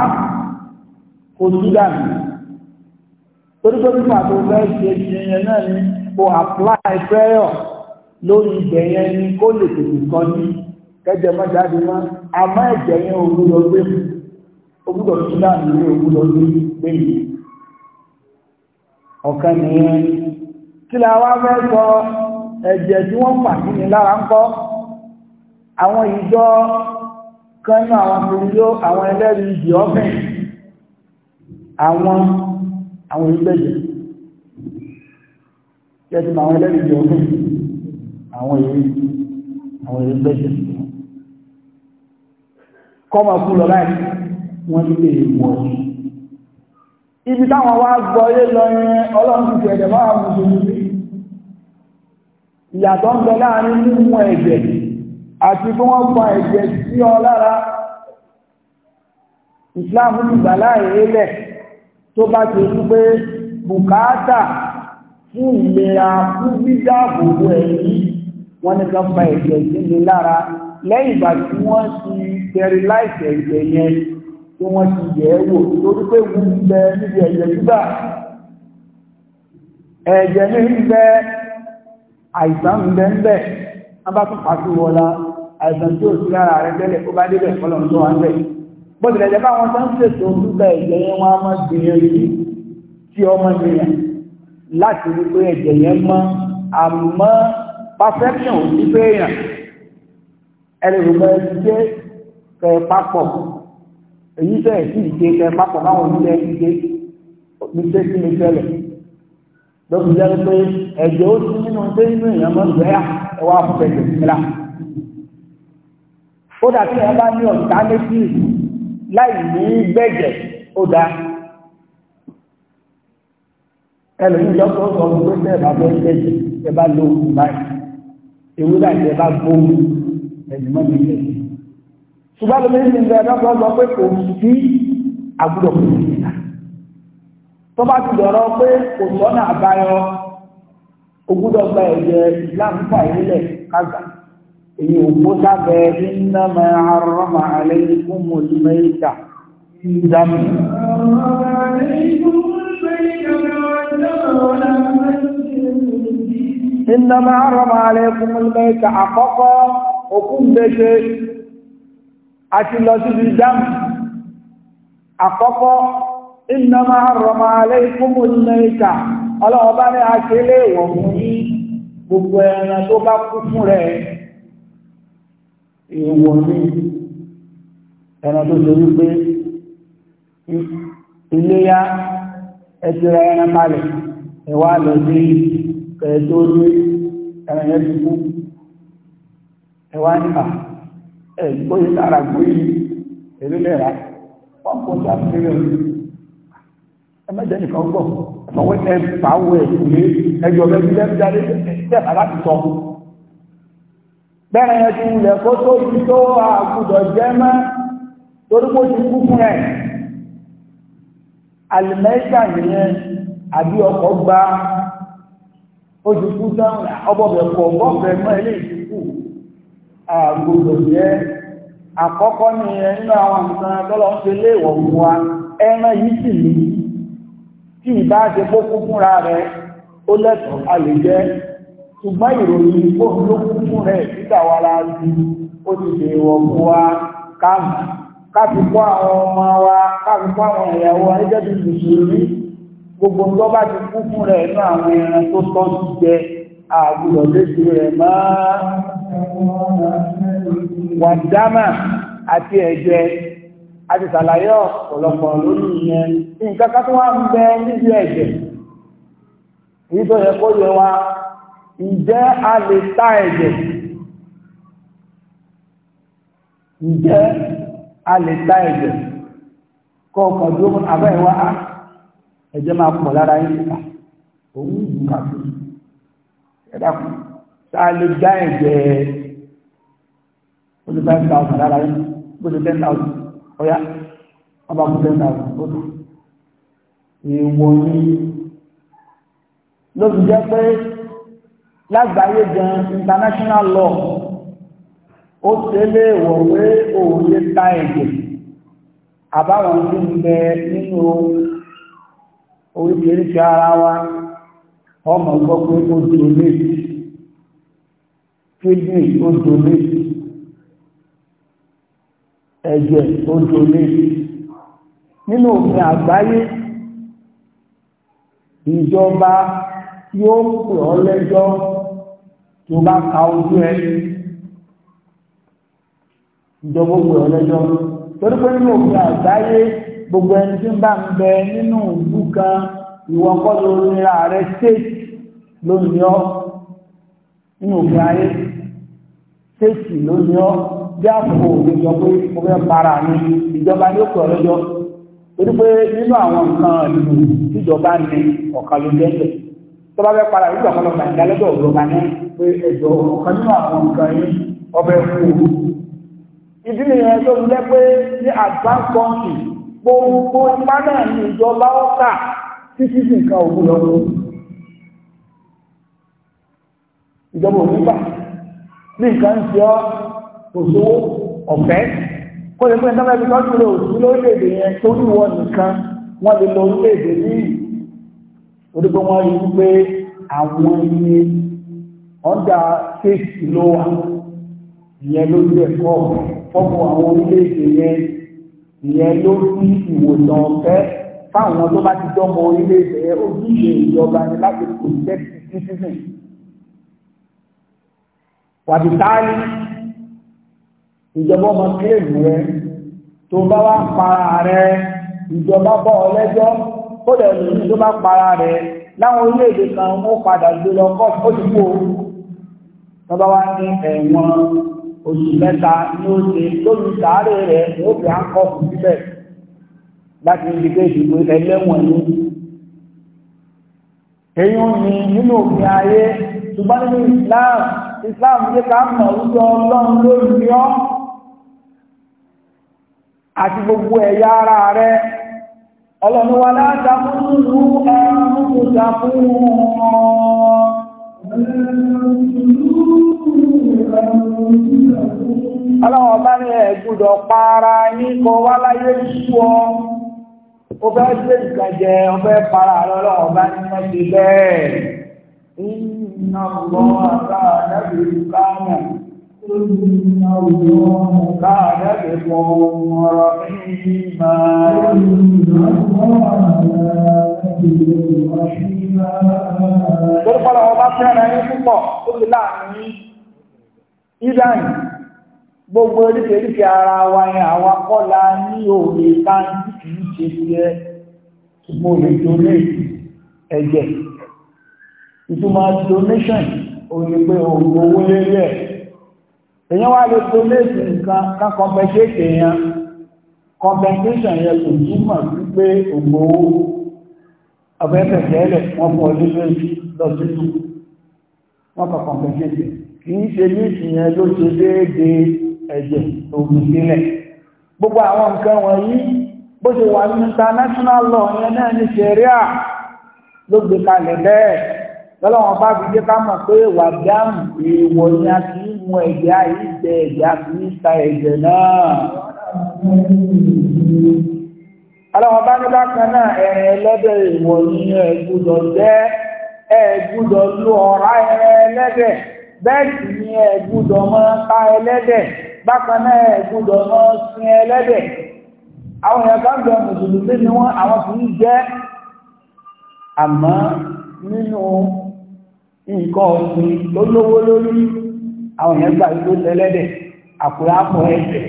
kò sí dànù torí pé nípa tó fẹ́ ṣe ìyẹn náà ni kò apply prayer lórí ìgbẹ́ yẹn ni kó lè tètè kọ́ ní kẹjẹ má jáde mọ́ àmọ́ ẹ̀jẹ̀ yẹn ò gbúdọ̀ gbé mi ó gbúdọ̀ tún náà nílé ò gbúdọ̀ gbé mi ọ̀kan nìyẹn kí la wá fẹ́ sọ ẹ̀jẹ̀ tí wọ́n fà sí mi lára ń kọ́ àwọn ìjọ kan náà àwọn kiri àwọn ẹlẹ́rìí ìdí ọ́fẹ́ àwọn àwọn ìgbẹ́jẹ̀ yẹ́tí ma àwọn ẹlẹ́rìí ọdún àwọn èyí àwọn èyí gbẹ́jẹ̀ kọ́mọ̀ kú lọ láì wọ́n ti lè wọ̀ ibi táwọn wá gbọ́ yé lọ yẹn ọlọ́run ti ẹ̀jẹ̀ máa mùsùlùmí ìyàtọ̀ ń bẹ láàrin mímú ẹ̀jẹ̀ àti kí wọ́n gba ẹ̀jẹ̀ sí ọ lára ìsìláàmù ìgbàláyé lẹ̀ tó bá ti rí pé bùkátà fún ìlera fún dídáàbòbò ẹ̀mí wọn ní kan fa ẹ̀jẹ̀ sílẹ̀ lára lẹ́yìn ìgbà tí wọ́n ti sterilize ẹ̀jẹ̀ yẹn tí wọ́n ti yẹ̀ ẹ́ wò torí pé wù ń bẹ níbi ẹ̀jẹ̀ gbígbà ẹ̀jẹ̀ ní ń bẹ àìsàn ń bẹ ń bẹ wọ́n bá tún pàṣẹ wọlá àìsàn tí ò sí lára rẹ tẹ́lẹ̀ ó bá débẹ̀ fọlọ́n tó wà ń bẹ̀ bó tilẹ̀ jẹ́ káwọn tó ń ṣètò dúkà ẹ̀jẹ̀ yẹn wọn á máa gbìyànjú tí ọmọ ènìyàn láti rí pé ẹ̀jẹ̀ yẹn mọ́ àmọ́ perfection ò ní pé èèyàn ẹlẹ́rìnbẹ̀ ti jẹ́ kẹ papọ̀ èyí tẹ̀ sí ìṣe kẹ papọ̀ báwọn oníṣẹ́ ìṣe níṣẹ́ sí mi tẹ́lẹ̀ lọ́kùn jẹ́ pé ẹ̀jẹ̀ ó ti nínú pé inú èèyàn mọ́ ìgbẹ́yà ẹ wá fún ẹ̀jẹ̀ síra ó dàbí ẹ bá ní ọ̀tá méjì ìlú láì ní gbẹ̀jẹ̀ ó dá ẹlòmí lọ́kọ̀ sọ gbogbo ṣe ẹ̀bá fẹ́ gbẹ̀jẹ̀ ẹ bá lo oògùn báyìí ewu láti ẹ bá gbóhùn ẹ̀yìn mọ́ mi gbẹ̀jẹ̀ ṣùgbọ́n lómi ní ìgbà lọ́kọ̀ sọ pé kò sí àbúrò kò sí ìlà tó bá ti dọ̀rọ̀ pé kò sọ́nà àbáyọ ogúdọ̀gba ẹ̀jẹ̀ ìlànà ìfà ìrìnlẹ̀ kágbà èyí òpó sábẹ́ iná máa rọ́mà aláìkún mọ̀lúmẹ́ta ìdámi iná máa rọ́mà aláìkún mọ̀lúmẹ́ta àkọ́kọ́ òkú gbẹ́ṣe àti lọ sí ìdámi àkọ́kọ́ iná máa rọ́mà aláìkún mọ̀lúmẹ́ta ọlọ́ọ̀bá ní a ṣe léèwọ̀ fún gbogbo ẹran tó bá kú fún rẹ̀ èèwọ̀ ní ẹran tó ṣe wípé iléyá ẹtìrẹ ẹran kalẹ̀ ẹwà lọ sí kẹrẹ tó ní ẹran yẹn ti kú ẹwà nípa ẹgbóyè sára gbóyè èlélẹ́ra wọ́n kó sí àfihàn ẹmẹ́jẹ nìkan gbọ́ ẹ̀fọ́wọ́ ẹ̀ pàwọ̀ ẹ̀ ẹjọ́ bẹ́ẹ̀ bí lẹ́ẹ̀ jáde ẹ̀ bẹ́ẹ̀ yẹn ti wulẹ̀ kó tó ti tó àgùdọ̀ jẹ́ mọ́ torí kó ti kú fún ẹ̀ alimẹ́ta nìyẹn àbí ọkọ̀ gba ó ti kú sáwọn ọbọ̀bẹ̀ pọ̀ bọ́ọ̀bẹ̀ mọ́ ilé ìsìnkú àgùdọ̀ jẹ́ àkọ́kọ́ nìyẹn nínú àwọn nǹkan tọ́lọ́ ń ṣe léèwọ̀ fún wa ẹran yìí sì ní tí ìbá ṣe kó kú fúnra rẹ̀ ó lẹ́tọ̀ọ́ a lè jẹ́ ṣùgbọ́n ìròyìn pò ló kún fún rẹ̀ títà wa la ju ó ti lè wọ̀ fún wa káàfi kó àwọn ọmọ wa káàfi kó àwọn ìyàwó wa níjẹ́ bí mùsùlùmí gbogbo ń lọ́ bá ti kún fún rẹ̀ inú àwọn ẹran tó tọ́ sí jẹ àgùdọ̀ léṣe rẹ̀ máa wà dámà àti ẹ̀jẹ̀ àti sàlàyé ọ̀pọ̀lọpọ̀ lórí ìyẹn nǹkan kan tó wá ń bẹ níbi ẹ̀jẹ̀ èyí tó yẹ kó yẹ wa ǹjẹ́ a lè ta ẹ̀jẹ̀ ǹjẹ́ a lè ta ẹ̀jẹ̀ kọ́ ọkọ̀ tó mú abẹ́ ìwá á ah, ẹ̀jẹ̀ máa pọ̀ lára yín nípa òun ìlú kàfé ẹ̀dá kù tá a lè dá ẹ̀jẹ̀ ó lè five thousand lára yín lágbàáyé gan international law ó tẹ́lẹ̀ wọ̀wé òòyè ta ẹ̀jẹ̀ àbáwọn tí ń bẹ nínú oríṣiríṣi ara wa ọmọ gbọ́ pé ó donate kidney ó donate ẹ̀jẹ̀ ó donate nínú òfin àgbáyé ìjọba yóò pè ọ́ lẹ́jọ́ tó bá ka ojú ẹ ìjọba gbogbo ọlẹ́jọ́ torí pé nínú òfin àgbáyé gbogbo ẹni tí ń bá ń bẹ nínú ìlú kan ìwọ kọ́ ló nira rẹ state lónìí ọ́ nínú òfin ayé state lónìí ọ́ bí àpò òjòjọ pé mo fẹ́ para mi ìjọba ní òkè ọlọ́jọ́ torí pé nínú àwọn nǹkan ìlú tíjọba ní ọ̀kan ló jẹ́ tẹ̀ tó bá fẹ́ para ìjọba lọ́gbà ìdálẹ́jọ́ òjọba náà pé ẹjọ́ ọ̀kan nínú àwọn nǹkan yìí ọbẹ̀ fún òru ìdí nìyẹn tó ń lẹ́ pé ní advance country gbogbo ipá náà ní ìjọba ọ̀kà títí sí nǹkan òkú lọ́wọ́ ìjọba òkúta ní nǹkan ń ṣe ọ́ kò sówó ọ̀fẹ́ kó lè pé ẹ̀dá mẹ́rin tó ń lò sí lórílẹ̀-èdè yẹn tó ní wọ nìkan wọ́n lè lọ orílẹ̀-èdè ní orí pé rí wípé àwọn iye ọ̀dà kéèkì ló wà ìyẹn ló lè kọ́ fọ́pọ̀ àwọn orílẹ̀-èdè yẹn ìyẹn ló ní ìwòsàn ọ̀fẹ́ fáwọn tó bá ti dọ́mọ orílẹ̀-èdè yẹn ojúṣe ìjọba ni láti protect citizen wàbí táyì ìjọba ọmọ kílèmù rẹ tó bá wá para rẹ ìjọba bọ́ ọ lẹ́jọ́ kó lè lòdì tó bá para rẹ láwọn orílẹ̀ kan ó padà gbé lọ kọ́ ó ti kú o tọ́ba wá ní ẹ̀wọ̀n oṣù mẹ́ta ní ó ṣe lórí sàárè rẹ̀ ní ó fi áńkọ́ fún síbẹ̀ láti ní pé ìdìbò ẹlẹ́wọ̀n ni. èyí ń ní nínú òfin ayé ṣùgbọ́n nínú Islam Islam ṣe ká mọ̀ wípé ọlọ́run lórí ni ọ́ àti gbogbo ẹ̀yà ara rẹ̀ ọlọ́run wa látàkùn lù ẹ̀rùn kùtàkùn wọn. Aláwọ̀ bá ní ẹ̀gbùdọ̀ para ní kọ wá láyé sú ọ, ó bẹ́ gbé ìgbàjẹ ọbẹ́ para lọ́lọ́ ọba ní wọ́n ti bẹ́ẹ̀. Iná lọ àtàrà lẹ́bìí إن الله كان بكم púpọ̀ tó lè láàrin ìdáyìn gbogbo oríkèríkè ara wa ni àwa kọ́la ní òwe káńtì kìí ṣe sí ẹ mo lè donate ẹ̀jẹ̀. Ìtumọ̀ donation èyàn wá lè tó léèsì nǹkan ká kọmpẹṣẹ́tì èyàn compensation yẹn kò túmọ̀ sí pé ògbò ọ̀fẹ́ tẹ̀tẹ̀ẹ́lẹ̀ wọ́n fún ọdún méjì lọ́sílù wọ́n kọ compensate kì í ṣe léèsì yẹn ló ṣe déédéé ẹ̀jẹ̀ ògùn sílẹ̀ gbogbo àwọn nǹkan wọ̀nyí bó ṣe wà ní international law yẹn náà ní ṣẹ̀ríà ló gbé kalẹ̀ bẹ́ẹ̀ lọ́lọ́wọ́n bá fi jẹ́ ká mọ̀ pé wà dáhùn èèwọ̀ ni a ti ń mu ẹ̀jẹ̀ àìjẹ ẹ̀jẹ̀ àti níta ẹ̀jẹ̀ náà. ọlọ́wọ́n bá ní bákan náà ẹ̀rìn ẹlẹ́dẹ̀ èèwọ̀ ni ẹ gbọ́dọ̀ jẹ́ ẹ gbọ́dọ̀ lu ọ̀rá ẹ̀rìn ẹlẹ́dẹ̀ bẹ́ẹ̀ sì ni ẹ gbọ́dọ̀ máa ta ẹlẹ́dẹ̀ bákan náà ẹ gbọ́dọ̀ máa sin ẹlẹ́dẹ̀ àwọn èèyàn kan gbọ́ mùsùlùmí ni wọ́n àwọn kì í jẹ́ àmọ́ nínú nǹkan ọ̀sìn tó lówó lórí àwọn èèyàn gbà tó tẹ́lẹ́dẹ̀ àkùrápọ̀ ẹ̀sẹ̀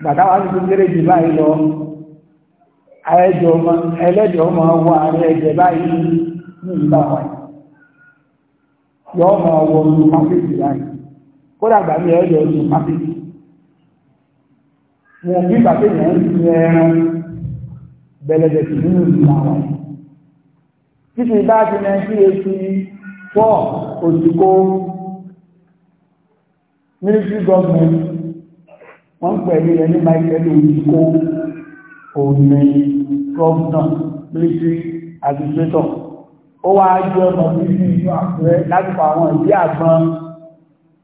gbàtàwà ti kéré jù báyìí lọ ẹlẹ́dẹ̀ ọmọ ààrẹ ẹ̀jẹ̀ báyìí ní ìgbà wà yọ ọmọ ọwọ́ báyìí kódà gbà ọdún bí bàtẹ́ yẹn ń fi ẹran bẹ̀lẹ̀dẹ̀ nínú títí bá ti nineteen eighty four òsìkò military government wọ́n ń pẹ̀lú rẹ̀ ní Michael òsìkò òní governor military administrator ó wá jẹ́ ọmọ bíbí inú àpẹẹrẹ lásìkò àwọn ìdí àgbọn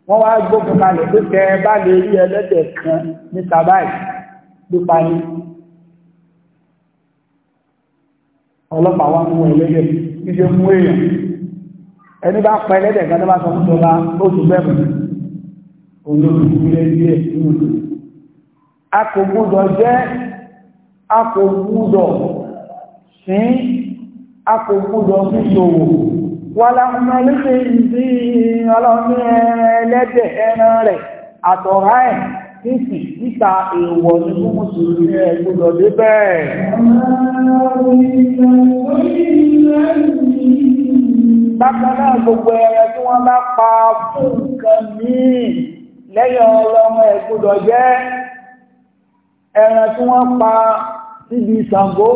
wọ́n wá gbógun kalẹ̀ pé tẹ́ bá lè rí ẹlẹ́dẹ̀ kan níta báyìí ló parí ọlọ́pàá wá mú ẹlẹ́dẹ̀ níṣẹ́ mú èèyàn ẹni bá pa ẹlẹ́dẹ̀ kan tó bá sọ fún ìjọba oṣù mẹ́rin olóòtú ilé díẹ̀ nínú a kò gbúdọ̀ jẹ́ a kò gbúdọ̀ sí a kò gbúdọ̀ fi ṣòwò wà láwọn ẹlẹ́dẹ̀ ẹran rẹ̀ àtọ̀rá ẹ̀ Nísì níta èèwọ̀ ní fún Mùsùlùmí ní ẹgbùdọ̀ dé bẹ́ẹ̀. Bákan náà gbogbo ẹ̀rẹ̀ tí wọ́n bá pa fún nǹkan míì lẹ́yìn ọlọ́mọ ẹgbùdọ̀ jẹ́ ẹran tí wọ́n pa síbi Ṣàngó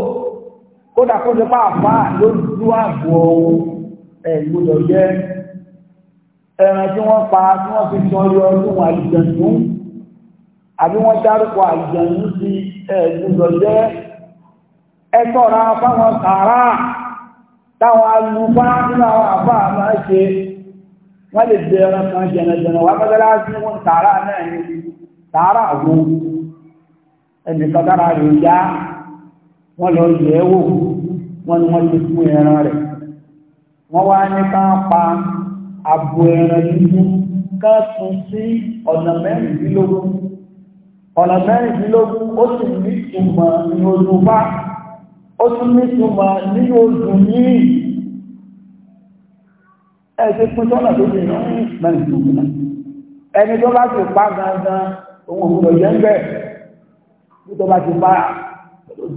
kódà kó ti pa àfá lójú àbò ẹgbùdọ̀ jẹ́ ẹran tí wọ́n pa tí wọ́n fi sọ yọ ọdún àlùjànnú àbí wọ́n dárúkọ àìjẹ̀yìn sí ẹ̀gbùdọ̀ jẹ́ ẹ̀tọ́ra fáwọn tààrà táwọn alùpá nínú àwọn àbá máa ṣe wọ́n lè bẹ̀rẹ̀ kan jẹ̀nàjẹ̀nà wà pẹ́lá sí wọn tààrà náà ní tààrà wo ẹnìkan dára rẹ̀ yá wọ́n lọ yẹ̀ wò wọ́n ni wọ́n ti fún ẹran rẹ̀ wọ́n wá ní ká pa abo ẹran dúdú ká tún sí ọ̀nà mẹ́rìndínlógún ọ̀nà mẹ́rìndínlógún ó sì ní ìtumọ̀ ní ojú bá ó tún ní ìtumọ̀ ní ojú yìí ẹ̀sẹ̀ pín sọ́nà tó ti rán mẹ́rìndínlógún náà ẹni tó bá ti pa gangan ohun òkúrò jẹ́ ń bẹ̀ ní tó bá ti pa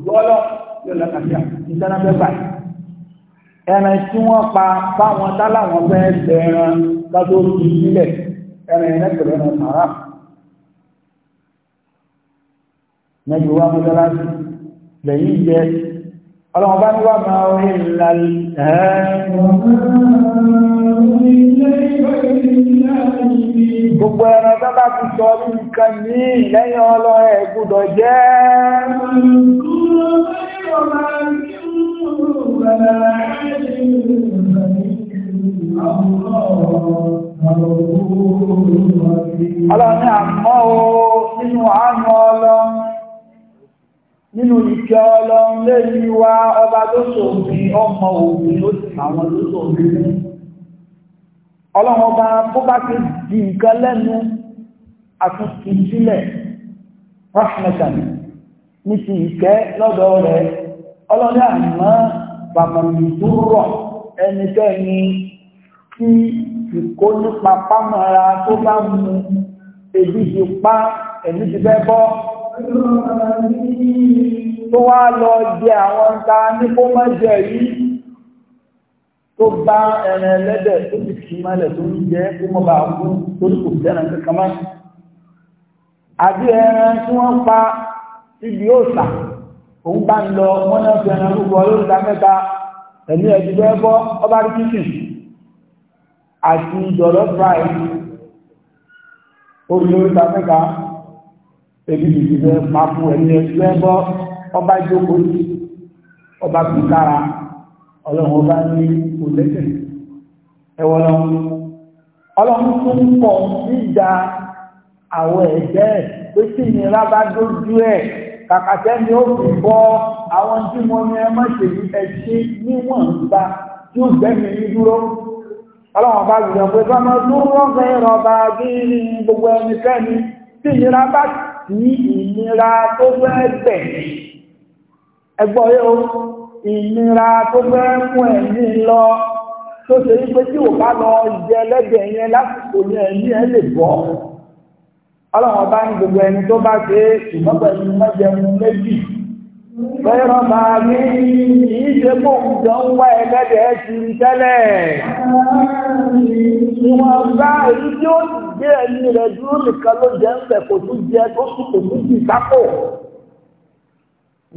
gbọ́lọ́ yóò lọ́kàtà ìtẹ́nà fẹ́ báyìí tí wọ́n pa fáwọn táláwọn fẹ́ bẹ̀rẹ̀ lọ́dọ̀ òkú sílẹ̀ ẹran ẹ̀rẹ́ pẹ̀lú ẹran sàráà nẹ́bí wá mọ́sálásí lẹ́yìn jẹ́ ọlọ́mọba ní wà máa orí ìlàlẹ̀ Gbogbo ẹran sábà ti sọ ní nǹkan ní lẹ́yìn ọlọ ẹ̀gbùdọ̀ jẹ́. Ọlọ́ni àmọ́ o nínú àánú ọlọ́run nínú ìjọ ọlọ́run lẹ́yìn wa ọba tó sòfin ọmọ òfin ló sì àwọn tó sòfin mú ọlọ́run ọba kó bá ti di nǹkan lẹ́nu àtúntì sílẹ̀ rahmatan ní ti ìkẹ́ lọ́dọ̀ rẹ̀ ọlọ́run àmọ́ bàmàmì tó rọ̀ ẹnikẹ́ni tí ìkó nípa pámọ́ra tó bá mú ebi ti pa ẹ̀mí ti fẹ́ bọ́ tó wá lọ jẹ àwọn ta ní kó má jẹ yìí tó bá ẹran ẹlẹ́dẹ̀ tó ti kì í mọ́lẹ̀ tó ń jẹ́ kó mọ́ bá kú tó ní kò jẹ́ràn kankan mọ́ àbí ẹran tí wọ́n pa ibi òòsà òun bá ń lọ wọ́n náà fi ẹran rúbọ lórí ìta mẹ́ta ẹ̀mí ẹ̀jú bẹ́ẹ̀ bọ́ ọba rí kíkì àti ìdọ̀lọ́ fry orí lórí ìta mẹ́ta ebi bìbí bẹ máa fún ẹni ẹgbẹ́ bọ́ ọba jókòó sí ọba kù kára ọlọ́run ọba ní kò lẹ́sẹ̀ ẹwọ́ lọ́wọ́ ọlọ́run tó ń pọ̀ níjà àwọn ẹ̀jẹ̀ pé tí ìnira bá dójú ẹ̀ kàkàtẹ́ ni ó fi bọ́ àwọn tí mo ní ẹ má ṣe ní ẹṣin níwọ̀n gbà tí ó gbẹ́mi ní dúró ọlọ́run bá gbìyànjú pé bá máa dúró lọ́gbẹ̀ẹ́ rọ̀bà bí gbogbo ẹnikẹ́ni tí ìnira bá sí ìnira tó fẹ́ gbẹ̀mí ẹgbọ́ yóò ìnira tó fẹ́ mú ẹ̀mí lọ tó ṣe wípé tí ò bá lọ jẹ lẹ́gbẹ̀ẹ́ yẹn lásìkò yẹn ẹ̀mí ẹ̀ lè bọ́ ọlọ́run bá ní gbogbo ẹni tó bá ṣe ṣùgbọ́n pẹ̀lú mọ́jẹun méjì Fẹ́rọ máa rí yìí ṣe mọ́ ìjọ ń wá ẹgbẹ́dẹ̀ ẹ̀ṣù tẹ́lẹ̀. Ìwọ̀n bá èyí tí ó ti gbé ẹni rẹ̀ dúró nìkan ló jẹ́ ń bẹ̀ kò tún jẹ tó sì kò tún jì sápò.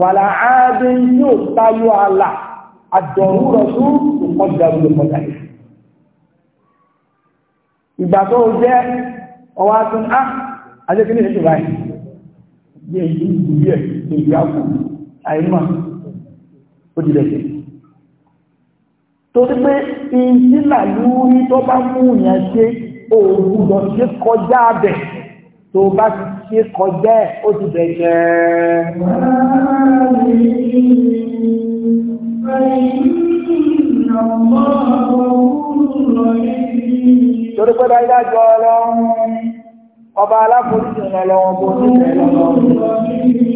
Wàlà áádé yóò tayọ àlà àjọ̀rú rẹ̀ tó àìmọ̀ ó ti lẹ̀ṣẹ̀ tó ti pé ìsílà lórí tó bá mú ìyẹn ṣe òògùn lọ ṣe kọjá abẹ tó bá ti ṣe kọjá ẹ̀ ó ti bẹ̀ṣẹ̀ torí pé dájọ́ ọlọ́run ọba aláforíjì ọlọ́run bó ti bẹ̀rẹ̀ ọlọ́run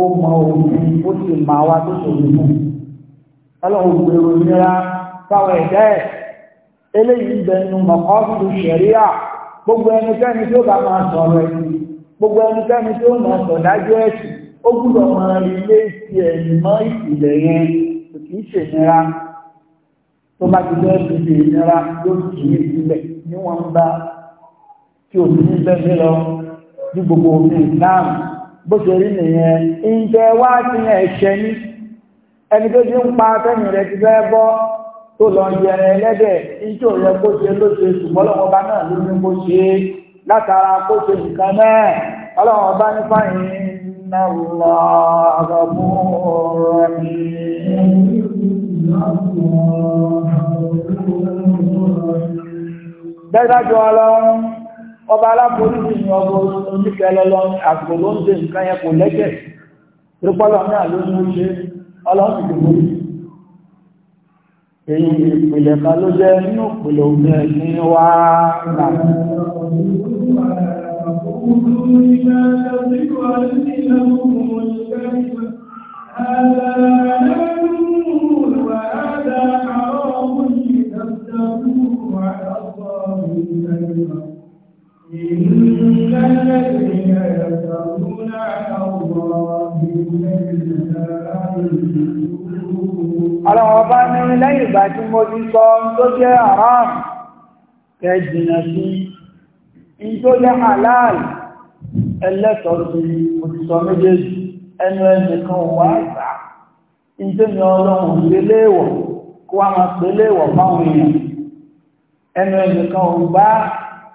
ó mọ òfin ó sì máa wá tó ṣòro fún ọlọ́run gbèrò nira fáwọn ẹ̀dá ẹ̀ eléyìí bẹnu mọ̀kọ́sù ṣẹ̀ríà gbogbo ẹnikẹ́ni tó bá máa sọ̀rọ̀ ẹ̀sìn gbogbo ẹnikẹ́ni tó máa sọ̀dájọ́ ẹ̀sìn ó gbúdọ̀ máa rí ilé ìsì ẹ̀yìn mọ́ ìpìlẹ̀ yẹn kò kì í ṣènira tó bá ti bẹ́ẹ̀ fi ṣe ìnira yóò kì í sílẹ̀ níwọ̀n bá tí òfin bẹ́ẹ̀ lọ ní gbogbo òfin ìsìláàmù bó ṣe rí nìyẹn ìjẹ wá sí ẹ̀ṣẹ̀ ní ẹni tó ṣe ń pa fẹ́yìn rẹ̀ ti fẹ́ bọ́ tó lọ jẹ ẹlẹ́dẹ̀ ìjọ rẹ̀ kó ṣe ló ṣe ṣùgbọ́n lọ́wọ́ bá náà ló ní kó ṣe látara kó ṣe nìkan náà ọlọ́wọ́ bá ní fáyín iná lọ àgbàmú rẹ̀ dájúdájú ọlọ́run ọba aláboríjì ni ọba oníkẹlọlọ àsìkò ló ń dé nǹkan yẹn kò lẹ́jẹ̀ rípọ́lọ̀ náà ló ń ṣe ọlọ́run ti borí èyí ìpìlẹ̀ kan ló jẹ́ nínú ìpìlẹ̀ òfin ẹ̀sìn wa rà هذا نبي وهذا حرام إن الذين يفترون على الله Àwọn ọba ní lẹ́yìn ìgbà tí mo ti sọ tó jẹ́ haram kẹjìnà sí, in tó jẹ́ halal ẹlẹ́tọ̀ọ́ sí òtìsọ méjèèjì ẹnu ẹnìkan wà àgbà, in tó ní ọlọ́run léléèwọ̀ kó a máa pẹ̀léèwọ̀ fáwọn èèyàn, ẹnu ẹnìkan ò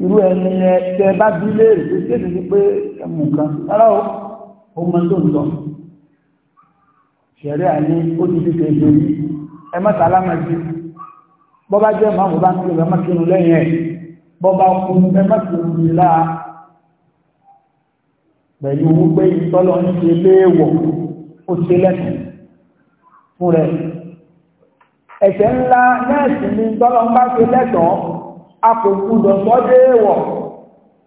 irú ẹni ẹ tẹ bá bí léèrè tó ṣe ti pé ẹmù kan rárá o ó mọ tó ń tọ ṣẹ̀rí àní ó ti fi kéde yìí ẹ má sálámà sí bọ́bá jẹ́ màmú bá ń kírun ẹ má kírun lẹ́yìn ẹ̀ bọ́bá kú ẹ má pẹ̀lú wípé ìtọ́lọ ń ṣe léèwọ̀ ó ṣe lẹ́sìn fún rẹ̀ ẹ̀ṣẹ̀ ńlá nẹ́ẹ̀sì ni ìtọ́lọ ń bá ṣe lẹ́tọ̀ọ́ a kò gbúdọ̀ sọ́dé wọ̀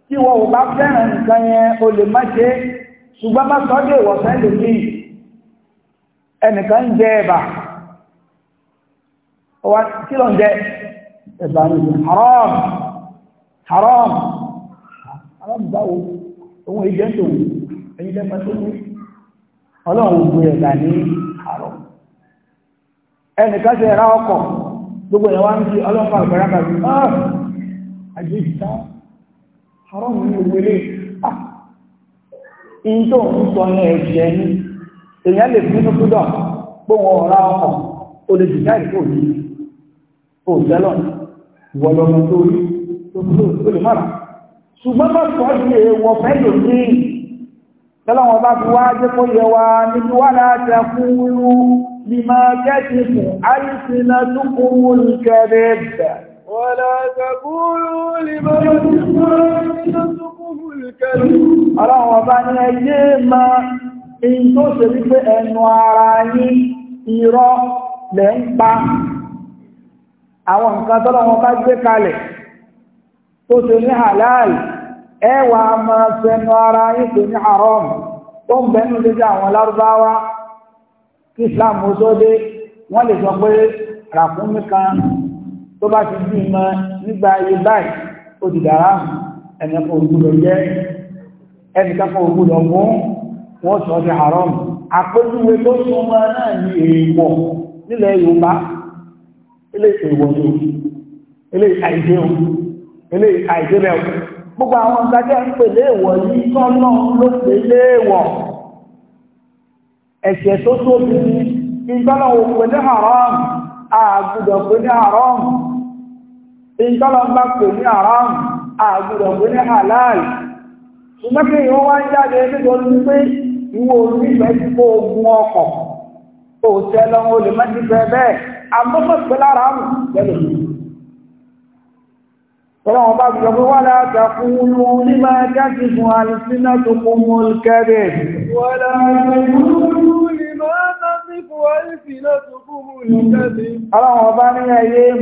tí wọ́n ò bá fẹ́ràn nǹkan yẹn o lè má ṣe ṣùgbọ́n bá sọ́dé wọ̀ sẹ́lè ẹnìkan jẹ ẹ̀bà wa kí ló jẹ ẹ̀bà ní haram haram haram báwo ohun ìjẹ́ tó wù ẹ̀yìn lẹ́pàá tó wù ọlọ́run gbé ẹ̀bà ní haram ẹnìkan ṣe ra ọkọ̀ gbogbo ẹ̀wà ń fi ọlọ́pàá àgbàrá kàrí ah! àjẹ́ ìta haram ní òwúrẹ́ in tó ń sọ ní ẹ̀jẹ̀ ní èyàn lè fi ní kúdọ̀ pé wọn ọ̀rá ọkọ̀ o lè jìdá ìfò ní o tẹ́lọ̀ wọlọ́mọ tó rí tó kúrò tó lè mara ṣùgbọ́n bá sọ sí èèwọ̀ fẹ́ lò sí tọ́lọ́wọ́n bá fi wá jẹ́ kó yẹ wa ní kí wá láti ẹkún wíwú ni máa ولا تقولوا لمن يرزقه الكلب الله وبان ايما in tó ṣe wípé ẹnu ara yín irọ́ lẹ ń pa àwọn nǹkan tọ́lọ́wọ́n bá gbé kalẹ̀ tó ṣe ní halal ẹwà máa fẹnu ara yín tó ní haram tó ń bẹnu lójú àwọn lárúbáwá kí islam ó tó dé wọ́n lè sọ pé ràkúnmí kan tó bá ti bí mọ nígbà ayé báyìí ó ti dàrá ẹnìkan ògbúdọ̀ jẹ́ ẹnìkan kan ògbúdọ̀ mú wọ́n sọ ti haram àpéjúwe tó súnmọ́ náà ní èèwọ̀ nílẹ̀ Yorùbá ilé èèwọ̀ ni ilé àìsè o ilé àìsè bẹ́ẹ̀ o gbogbo àwọn ìgbàjẹ́ ń pè léèwọ̀ yìí tọ́nà ló pè ẹ̀ṣẹ̀ tó tóbi ní ìgbàlọ́wọ̀ pè ní haram àgùdọ̀ pè ní haram ìjọba bá pè ní haram àgbùdọ̀ pé ní halal ṣùgbọ́n kí ìwọ́n wá ń jáde nítorí wípé ìwọ onífẹ́ tí kó ogun ọkọ̀ tó tẹ́ lọ́wọ́ olè má ti fẹ́ bẹ́ẹ̀ àmọ́fẹ́ pé lára mù lẹ́lẹ̀ Ọlọ́run ọba ní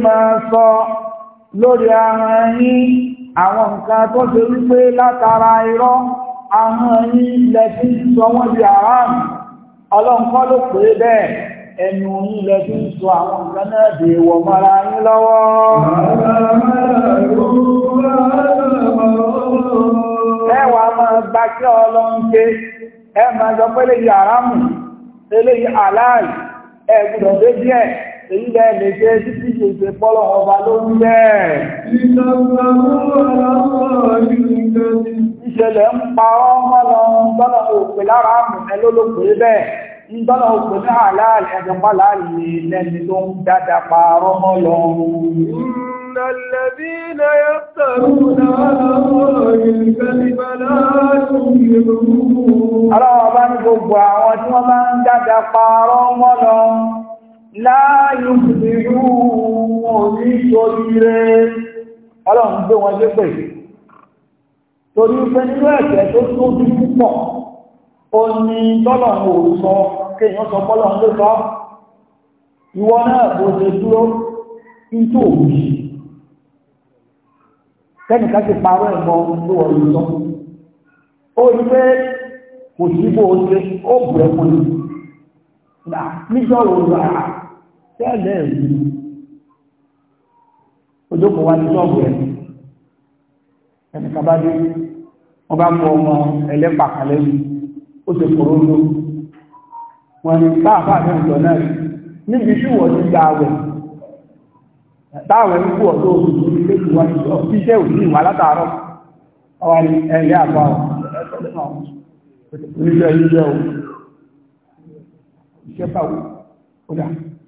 máa máa sọ lórí ara yín àwọn nǹkan tó ṣe wípé látara irọ́ ahọ́n yín lẹ́fí sọ wọ́n di haram ọlọ́nkọ́ ló pè é bẹ́ẹ̀ ẹnu yín lẹ́fí sọ àwọn nǹkan náà dè wọ̀ mọ́ra yín lọ́wọ́ ẹwà máa gba kí ọlọ́nké ẹ máa sọ pé lè yàrá mù eléyìí aláì ẹ̀gbùdọ̀ èyí lẹ́ lè jẹ́ pọ́lọ̀ ọba ló ń bẹ́ ìṣẹ̀lẹ̀ ń pa ọmọ lọ gbọ́nà òpè lára àmùnẹ́ lólópè bẹ́ẹ̀ ń gbọ́nà òpè ní àláàlẹ̀ ẹgbẹ̀pá láàrin lẹ́ni tó ń dada pa ọmọ lọ الذين يفترون على gbogbo àwọn tí wọ́n máa ń dada pa ọmọ lọ láàyò ìrú oníṣòrire ọlọ́run gbé wọn lépẹ̀ torí pé nínú ẹ̀kẹ́ tó tóbi púpọ̀ ó ní tọ́lọ̀run ò sọ kéèyàn sọ bọ́lọ̀run ló sọ ìwọ náà bó ṣe dúró nítò òbí tẹ́nìkan ti parọ́ ẹ̀mọ́ tó wọ́n ló sọ ó rí pé kò sí bó ṣe ó bù ẹ̀kùn nígbà níjọ́ òun rà tẹ́lẹ̀ ẹ̀rù ojókòó wa ní ṣọ́ọ̀bù ẹ̀ ẹnìkan bá dé wọ́n bá mọ ọmọ ẹlẹ́pà kalẹ̀ ó ti kòrò ló wọn ni táàfà ní ìjọ náà níbi tí wọ́n ti gba àwẹ̀ táwọn ẹni kú ọ̀dọ́ òṣùṣù ní pé ìwà ìṣọ́ ìwà látàárọ̀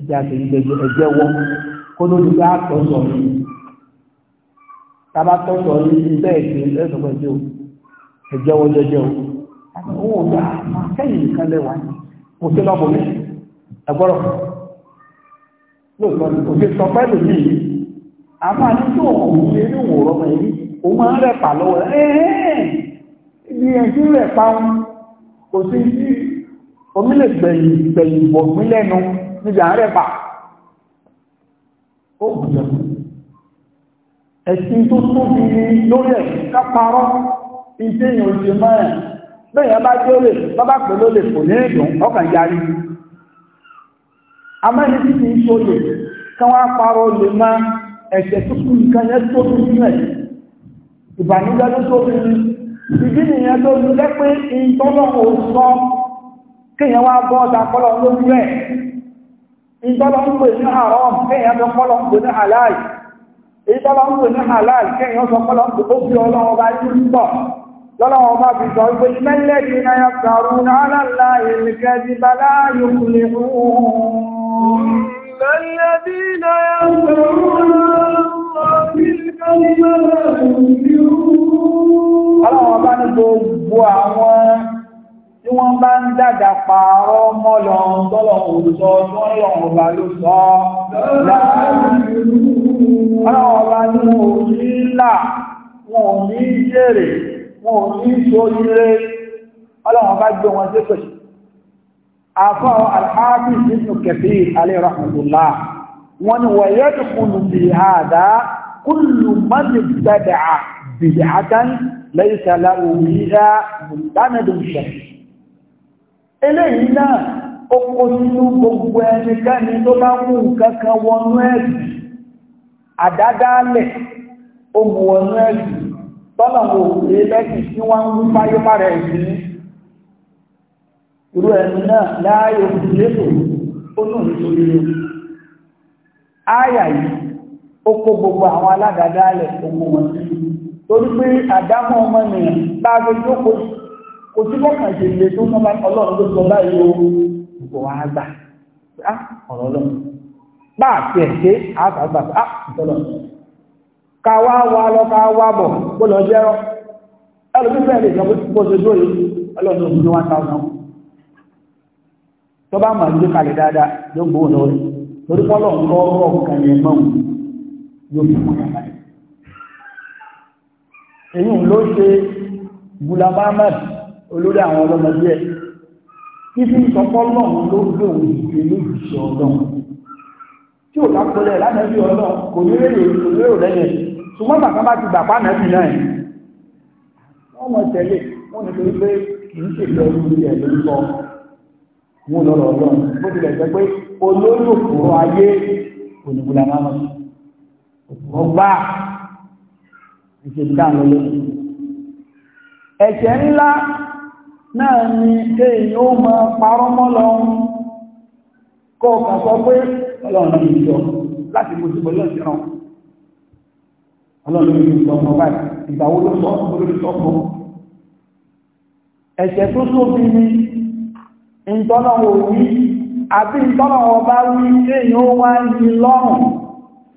ẹja ti ń gbẹgbẹ kó ló ti bá tọ́ sọ yìí tábà tọ́ sọ yìí bẹ́ẹ̀ ti ẹ̀sọ̀ pẹ̀ o ẹjẹ wọ jẹjẹ o àwọn ọ̀gá kẹ́yìn nìkan lẹ́wà ní kò sí lọ́bù mi ẹgbọ́rọ̀ lóòótọ́ kò sí sọ pẹ́lú mi àwọn àdúgbò ọ̀hún ṣe ní ìwòrọ̀ mẹ́rin òun máa ń rẹ̀pà lọ́wọ́ ẹ̀ẹ́n ibi ẹ̀jú rẹ̀pà òun kò sí omi lè gbẹ̀yìn gbẹ̀yìn bọ̀gbìn lẹ́nu níbi àárẹ̀ pa ó gbìyànjú ẹ̀sìn tó tóbi lórí ẹ̀ káparọ́ iṣẹ́ èèyàn òṣè mọ́ẹ̀ bẹ́yàn bá jẹ́ olè bábá pẹ̀ lólè kò ní ìdùn ọkàn yarí amẹ́ni tí kì í ṣolè kí wọ́n parọ́ lè má ẹ̀ṣẹ̀ tó kú nǹkan yẹn tóbi nílẹ̀ ìbànújẹ́ tó tóbi ní ìdí nìyẹn tó ní lẹ́pẹ́ ìtọ́lọ́wọ́ sọ kéèyàn wá bọ́ ọ̀dà kọ́lọ̀ lórí rẹ̀ ìtọ́lọ́ ń pè ní haram kéèyàn sọ kọ́lọ̀ ń pè ní halal ìtọ́lọ́ ń pè ní halal kéèyàn sọ kọ́lọ̀ ń pè ó fi ọlọ́wọ́ bá yí ń bọ̀ lọ́lọ́wọ́ bá fi sọ pé mẹ́lẹ́dì náà yà sàrù aláàlá ìrìnkẹ́ náà tí wọ́n bá ń dàgbà pààrọ̀ mọ́ lọ tọ́lọ̀ òòsọ tí wọ́n lọ ọ̀bà ló sọ ọ̀bà ní òní ńlá wọn ò ní jèrè wọn ò ní sóyire ọlọ́wọ́n bá gbé wọn sépè àfọ́ alhábì nínú kẹfì alẹ́ rahmatullah wọn ni wọ́n yẹ́ tukùnù bí hàdá kúlù mọ́ni bẹ̀dẹ̀ bìdẹ̀ àtàn lẹ́yìn sàlá òwúrẹ́ mùtánàdùn ṣẹ̀fì eléyìí náà ó kó sínú gbogbo ẹnikẹ́ni tó bá mú nǹkan kan wọnú ẹ̀sìn àdádálẹ̀ ó mú wọnú ẹ̀sìn tọ́nà wo èé lẹ́sìn tí wọ́n ń wú fáyọ́fárẹ̀ ìdí irú ẹni náà láàyò ìlétò ó nù áyà yìí ó kó gbogbo àwọn aládàádálẹ̀ ó mú wọn sí torí pé àdámọ́ ọmọ nìyàn bá a fi jókòó kò sí bọ́kà ṣe lè tó ọlọ́run tó sọ báyìí o kò wá gbà á ah, ọ̀rọ̀ lọ bá a tiẹ̀ ṣe àgbàgbà á ìtọ́lọ̀ ká wá wá lọ ká wá bọ̀ kó lọ jẹ́rọ ẹlòmí fẹ́ lè sọ pé bó ṣe dúró yìí ọlọ́run òun ní one thousand tó bá mọ̀ ní kalẹ̀ dáadáa ló ń gbóhùn lórí olórí àwọn ọlọ́mọdé ẹ̀ títí ìsọpọ́ lọ́run ló lòun ìgbé lójúṣe ọlọ́run tí ò lápọlẹ̀ lánàbí ọlọ́run kò ní lérò kò lérò lẹ́yìn ṣùgbọ́n bàbá bá ti gbàpá nàbí náà wọ́n mọ̀ tẹ́lẹ̀ wọ́n ní torí pé kì í ṣètò ẹrú ilẹ̀ ló ń sọ wọn lọ́rọ̀ ọlọ́run bó tilẹ̀ jẹ́ pé olórí òkúrọ̀ ayé kò ní gbọ́dọ̀ máa mọ̀ òkúrọ̀ gbà ẹ̀ṣẹ̀ ńlá náà ni kéèyàn ó máa parọ́ mọ́ lọ kọ́ ọ̀kà sọ pé ọlọ́run ní ìjọ láti mo ti bọ̀ lọ́sí rán ọlọ́run ní ìjọ ọmọ báyìí ìgbà wo ló sọ olórí sọ fún ẹ̀ṣẹ̀ tó sófin ni ìtọ́nà òwú àti ìtọ́nà ọba wí kéèyàn ó wá ń yí lọ́rùn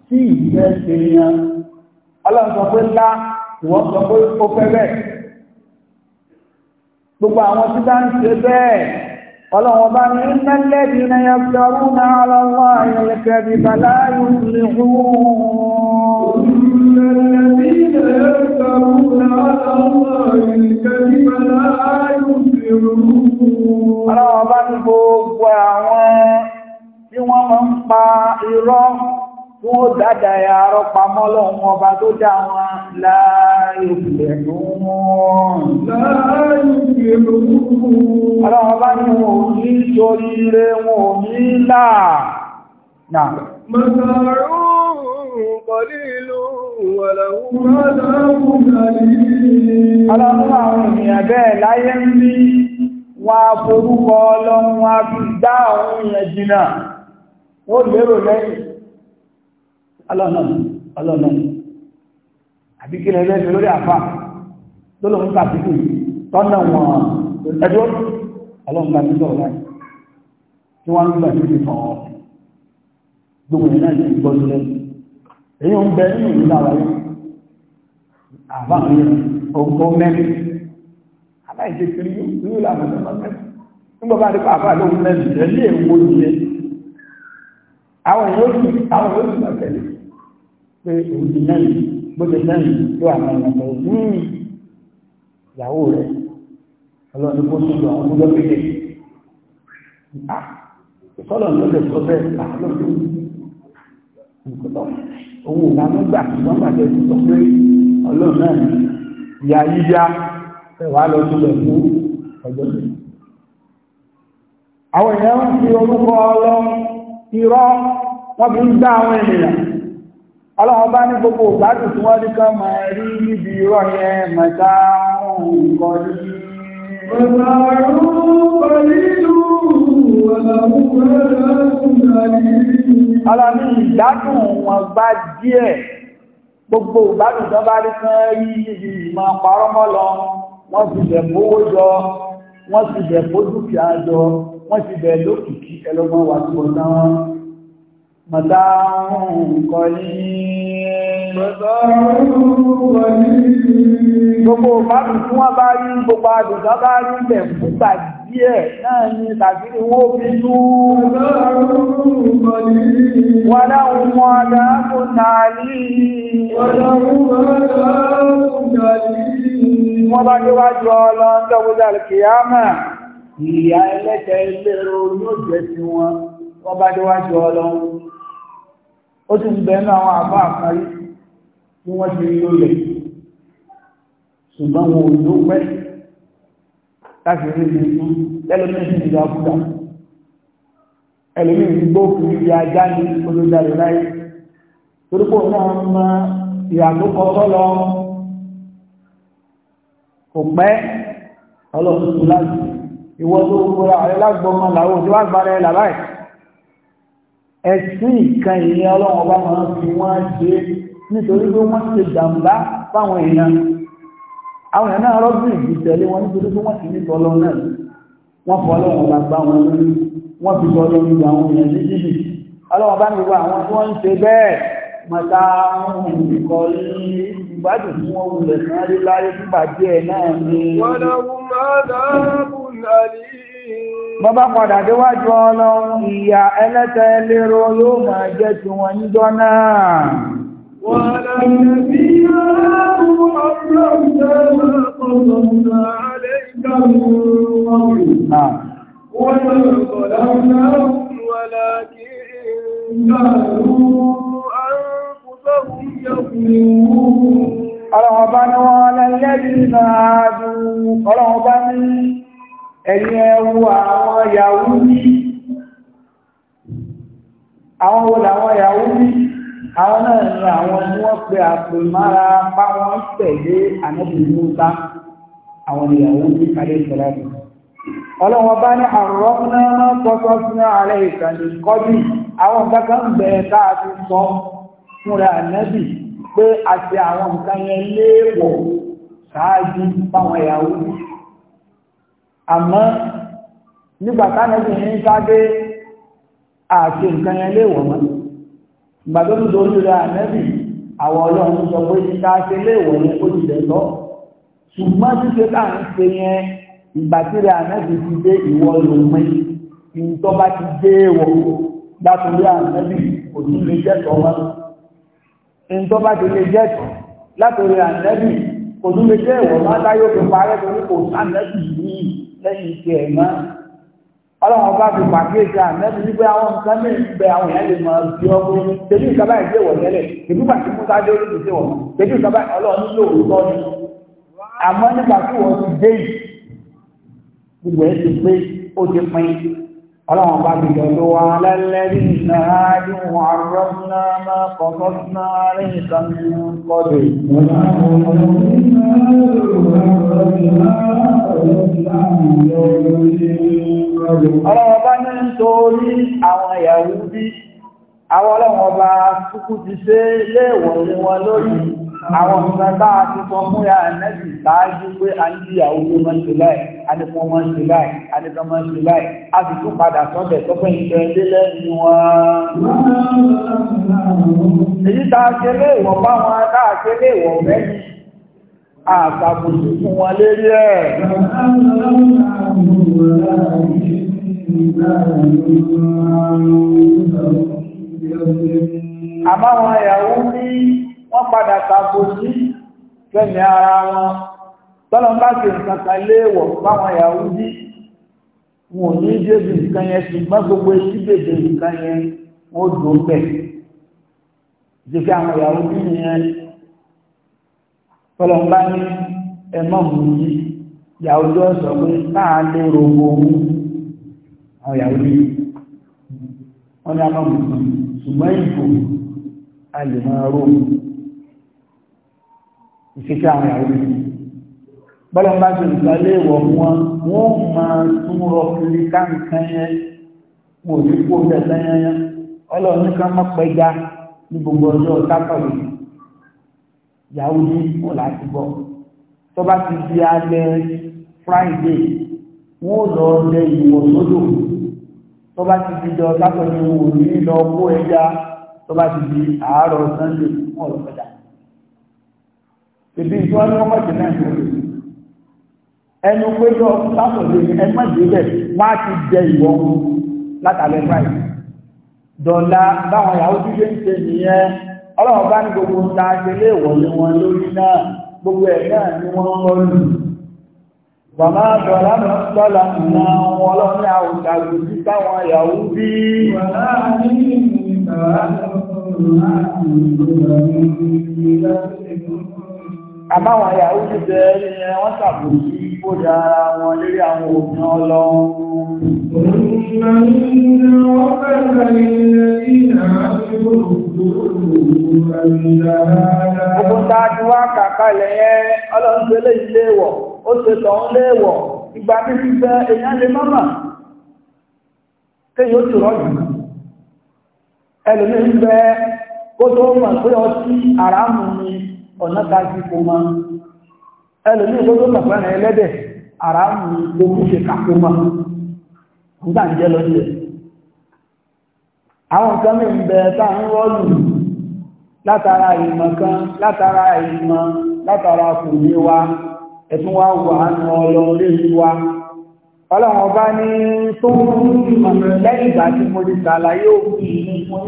sí ìgbẹ́ lá ìwọ́n sọ pé ó gbogbo àwọn tí bá ń ṣe bẹ́ẹ̀ ọlọ́wọ́n bá ní nẹ́lẹ́bí na ya sọ́rú na ọlọ́wọ́ ayẹyẹkẹ́ bí bàláyù lè hù ọlọ́wọ́n bá ní gbogbo àwọn tí wọ́n máa ń pa irọ́ tí wọ́n dáadáa ya arọ́ pamọ́ lọ́wọ́ ọba tó dá wọn láàyè ìlú wọn. láàyè ìlú wọn. ọlọ́wọ́ bá ní wọn ò ní sórí ire wọn ò ní là. mọ̀tàrún pọ̀lú ìlú wọ̀lẹ̀wọ̀n aláwọ̀ nàìjíríà. ọlọ́run àwọn fi dá àwọn èèyàn jìnnà ó lérò lẹ́yìn ọlọ́nà ọlọ́nà àbí kí lẹ́lẹ́ ṣe lórí àfá lọ́lọ́ ń kàtíkù tọ́nà wọn ẹjọ́ ọlọ́run bá ti sọ̀rọ̀ láì tí wọ́n ń gbà sí ti sọ̀rọ̀ gbogbo ìrìnà ìlú gbọ́dú lẹ́nu èyí ń bẹ nínú ìlú lára yìí àbá mi òǹkọ mẹ́rin aláìsí kiri yóò lára ọ̀sán mẹ́rin nígbà bá ti pa pé òbí náà gbọ́dọ̀ náà tó àwọn ọmọ ìlú hmm, ìyàwó rẹ̀ ọlọ́run kó tó lọ àwọn ọmọ ìlú ah, ìsọ́lọ̀ ló lè sọ bẹ́ẹ̀ àlọ́dún ah, ìkọ́tọ̀ òun ò bá mú gbà wọ́n pàdé sọ pé ọlọ́run náà ìyá yíyá ẹ̀wà lọ tó lọ fún ọjọ́ rẹ̀ àwọn èèyàn ń fi orúkọ ọlọ́ irọ́ wọ́n fi ń gbá àwọn ènìyàn ọlọ́run bá ní gbogbo ìgbádùn tí wọ́n rí kan máa rí níbi irọ́ yẹn mẹ́ta nǹkan rí. Ọlọ́run ìgbádùn wọn gbá díẹ̀ gbogbo ìgbádùn tó bá rí kan rí níbi ìmọ̀ parọ́mọ́ lọ wọ́n ti bẹ̀ mówó jọ wọ́n ti bẹ̀ mó dúkìá jọ wọ́n ti bẹ̀ lókìkí ẹlọ́gbọ́n wa tó náà. متاع قليل gbogbo báàbù tí wọ́n bá rí gbogbo àdùsá bá rí ilẹ̀ fúgbà díẹ̀ náà ni tàbírí wọ́n fi tú wọ́n láwọn ọmọ adáàbò tààlì wọ́n bá dé wájú ọlọ́ńtọ́ gbogbo kìyàmà ìyà ẹlẹ́tẹ̀ẹ́ lérò yóò jẹ́ sí wọn wọ́n bá dé wájú ọlọ́ńtọ́ ó ti ń bẹ̀ẹ́nú àwọn àbá àkárí tí wọ́n ti rí lólè ṣùgbọ́n wọn ò ló pẹ́ láti rí ibi tí lẹ́lọ́mí ti dìgbà fúdà ẹlòmí ti gbó fún ibi ajá ní olójàre láyé torípò náà mọ ìyàtúkọ sọlọ kò pẹ́ ọlọ́run tó láti ìwọ́n tó gbọ́ra rẹ lágbọ́n mọ́ làwọn òṣèwà gbára ẹ̀ làbáyìí ẹ̀sìn ìkan ìyẹn ọlọ́run ọba máa ń fi wọ́n ṣe nítorí pé wọ́n ṣe jàǹbá fáwọn èèyàn àwọn èèyàn náà rọ́bìn ìgbìtẹ̀lé wọn nítorí pé wọ́n ti ní tọ́lọ́ náà wọ́n fọ́ ọlọ́run ọba gbá wọn lórí wọ́n fi bọ́ lórí àwọn èèyàn ní jìbì ọlọ́run bá mi wá àwọn tí wọ́n ń ṣe bẹ́ẹ̀ mọ̀tá ìkọ̀ ìgbádùn tí wọ́n wulẹ̀ sáré láyé fún bàjẹ́ náà ni. wọ́n Bọ́bá padà déwájú ọlọ́run ìyà ẹlẹ́tẹ̀ lérò yóò máa jẹ́ ti wọn níjọ́ náà. Wọ́n lọ sí ọlọ́run ọlọ́run ọlọ́run àlẹ́ ìgbàmù Wọ́n lọ sọ̀rọ̀ ọlọ́run wọ́n láti ìgbàmù ẹ̀yìn ẹwú àwọn Yahudi àwọn wo làwọn Yahudi àwọn náà ní àwọn tí wọ́n pe àpò mára bá wọn tẹ̀lé ànábì Mùsá àwọn Yahudi kàlẹ́ ìṣẹ̀lẹ̀ rẹ̀ ọlọ́wọ́n bá ní àrọ́pùnà náà tọ́tọ́ sínú ààrẹ ìkànnì kọ́jú àwọn nǹkan kan bẹ̀ tá a ti sọ fúnra ànábì pé àti àwọn nǹkan yẹn léèwọ̀ ṣáájú báwọn Yahudi àmọ́ nígbà tánẹ́bì ní sáadé àti nǹkan yẹn lè wọ̀ mọ́ ìgbà tó tún dojú rẹ̀ ànẹ́bì àwọn ọlọ́run sọ pé ní ká ṣe lè wọ̀ yẹn ó ti dẹ̀ lọ ṣùgbọ́n ṣíṣe tá à ń ṣe yẹn ìgbà tí rẹ̀ ànẹ́bì ti dé ìwọ lòmí ìtọ́ bá ti dé wọ̀ látòrí ànẹ́bì kò tún lè jẹ́tọ̀ mọ́ ìtọ́ bá ti lè jẹ́tọ̀ látòrí ànẹ́bì kò tún lè jẹ́ ìwọ̀ mọ́ láyé parẹ́ torí kò sànẹ́bì yìí lẹ́yìn ti ẹ̀ náà ọlọ́run bá fi pàkíyèsí àmẹ́bí wípé àwọn nǹkan mẹ́rin bẹ àwọn èèyàn lè mọ bí ọgbọ́n tẹ̀lé ìkàbá ìgbé wọ̀ tẹ́lẹ̀ tẹ̀lé ìgbà tí múta dé orí ìgbé wọ̀ tẹ̀lé ìkàbá ọlọ́run nílò òótọ́ ni àmọ́ nígbà tí wọ́n ti dé yìí ti pé ó ti pin اللهم بارك وعلى الذين هادوا وعرفنا ما قصصنا عليك من قبل ọlọ́wọ́ bá ní nítorí àwọn Yahudi àwọn ọlọ́wọ́ bá kúkú ti ṣe léèwọ̀ ní wọn lórí àwọn nǹkan bá fún ya ẹ̀nẹ́sì ṣáájú pé a ń jíyàwó ló máa ń ṣe láì anìkan máa ń ṣe láì anìkan máa ń ṣe láì a sì tún padà sọ́bẹ̀ tọ́pẹ́ ìṣẹ́ ilé lẹ́nu wọn. èyí tá a ṣe lé ìwọ̀n bá wọn tá a ṣe lé ìwọ̀n mẹ́rin àṣàkóso fún wọn lérí ẹ̀. àbáwọn ìyàwó ní wọ́n padà tàbò sí fẹ́mi ara wọn tọ́lọ́ bá ṣe nǹkan kan léèwọ̀ fáwọn Yahudi wọn ò ní débi nǹkan yẹn ṣùgbọ́n gbogbo etí bèbè nǹkan yẹn wọ́n dùn bẹ́ẹ̀ jẹ́ kí àwọn Yahudi yẹn tọ́lọ́ bá ní ẹ̀mọ́ mú yìí Yahudi ọ̀sọ̀ pé náà lè rògbò owó àwọn Yahudi wọ́n ní a máa mú ṣùgbọ́n ìbò a lè máa rògbò ìṣẹ́ṣẹ́ àwọn ìyàwó mi bọ́lá ń bá ṣe nǹkan léèwọ̀ wọn wọ́n máa tún rọ kiri káǹkan yẹn wọn ò ní kó tẹ̀sẹ̀ yẹn yẹn Friday wọn ò lọ lẹ ìwọ̀ sódò tó bá ti di jọ sátọ̀dé wọn ò ní lọ kó ẹja tó bá ti di àárọ̀ Sunday wọn ò lọ ìbí tí wọ́n ní wọ́n mọ̀jì náà ní olè ẹnu péjọ sátọ̀dé ní ẹgbẹ́ ìdílé wọ́n á ti jẹ ìwọ látàlẹ́ price dọ̀la báwọn yahoo ti ṣe ń ṣe nìyẹn ọlọ́run bá ní gbogbo ń ta ṣẹlẹ̀ ìwọ̀lẹ̀ wọn lórí náà gbogbo ẹ̀ náà ni wọ́n ń rọ́lù Bàbá àtọ̀lá mọ̀ sọ́lá nà wọn lọ́ní àwùjá gbòjú táwọn ìyàwó bí. Bàbá àbáwọn ìyàwó ti bẹ̀rẹ̀ ni wọ́n sàbòrò sí ìgbòdà wọn lórí àwọn òbin ọlọ́run lè ó ṣe tọ̀ún lé wọ̀, ìgbà bí fífẹ́ lè mọ́mà, kéyìí ó Ẹlùmí ń tó mọ̀ pé àrámù ọ̀nà káàkiri kò máa ẹlòmí ìgbógbó mọ̀fẹ́rẹ̀ ẹlẹ́dẹ̀ ara mú ogun ṣe kàkó máa ń jẹ́ lọ́jẹ́ àwọn kan mi ń bẹ tá ń rọ́lù látara ìmọ̀ kan látara ìmọ̀ látara kò ní wa ẹ̀tún wá wà ọlọ lẹ́yìn ìgbà tí mo lè òkú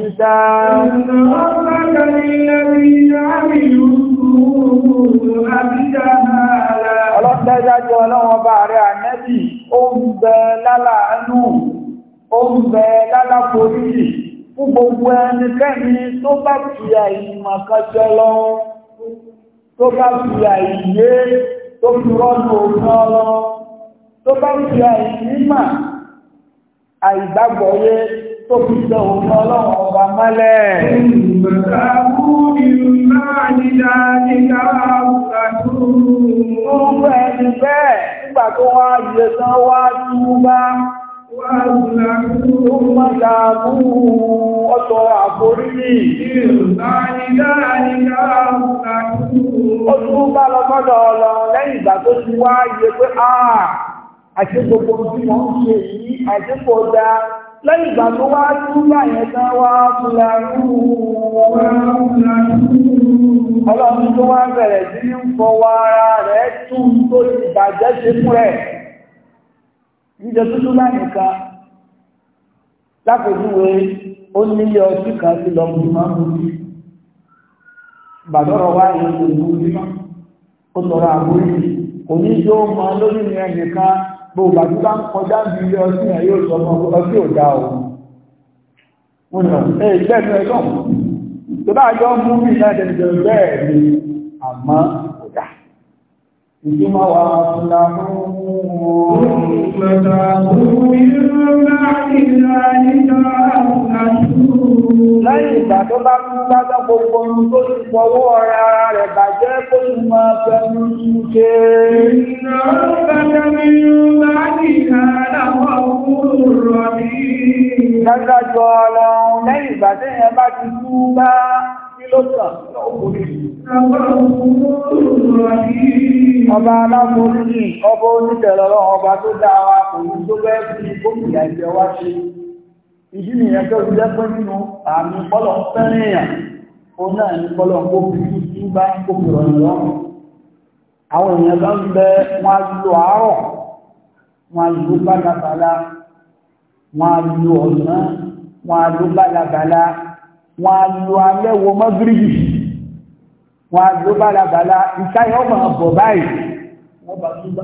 Ọlọ́pẹ́dájọ́ ọlọ́wọ́ bá rẹ̀ ànẹ́bì, ó ń bẹ lálàánú, ó ń bẹ lálàforíjì fún gbogbo ẹnikẹ́ni tó bá fi àìmọ̀ kan jẹ lọ, tó bá fi àìyé tó fi lọ, tó bá tó fi jọ òun ọlọ́run ọba mọ́lẹ̀. Gbogbo ẹni bẹ́ẹ̀ nígbà tó wá yẹ tán wá túbá. Ó máa dàbú ọ̀tọ̀ àforíjì. Ó tún bá lọ sọ́dọ̀ ọlọ lẹ́yìn ìgbà tó ti wá yẹ pé, "Ah, àṣẹ́gbogbo tí wọ́n ń ṣe yìí, àṣẹ́gbogbo dáa, lẹ́yìn ìgbà tó wá túgbà yẹn tán wá fúlarú ọlọ́run tó wá ń rẹ̀ tún tó tuntun ó nílé kan sí lọ bí máa mú sí bàdọ́rọ̀ wá ó tọrọ kò ní gbogbo àti bá ń kọjá ń bí ilé ọtí ẹ̀ yóò sọ ọmọ ọtí ò dá o wọn nà ẹ ìgbẹ́nu ẹ̀ lọ́n tó bá jọ mú mi náà dẹ̀dẹ̀ bẹ́ẹ̀ ni àmọ́ kò dá ìjọba wa Lẹ́yìn ìgbà tó bá mú lábẹ́ gbogbo ohun tó ti fọwọ́ ọ̀rẹ́ ara rẹ̀ bàjẹ́ kó sì máa fẹnu ṣe. Ìnáwó bẹ́ẹ̀ mi bá nìkan láwọn òkúrò rọ̀ ní. Dájọ́ ọlọ́run lẹ́yìn ìgbà tí ẹ bá ti kú bá kílókà lọ́kùnrin. Ọba aláborí ọba onítẹ̀lọ́rọ̀ ọba tó dáa wa kò ní tó bẹ́ẹ̀ fi gómìnà ìjẹ wá ṣe ìdí nìyẹn tó ti dẹ́pẹ́ nínú àmì bọ́lọ̀ fẹ́rẹ̀ èèyàn ó náà ní bọ́lọ̀ kó fi kú sí bá kó fi rọ̀ lọ́rùn àwọn èèyàn bá ń bẹ wọn á lo àárọ̀ wọn á lo bálabàla wọn á lo ọ̀sán wọn á lo bálabàla wọn á lo alẹ́ wo mọ́gírìbì wọn á lo bálabàla ìsáyà ọmọ àbọ̀ báyìí wọn bá tún bá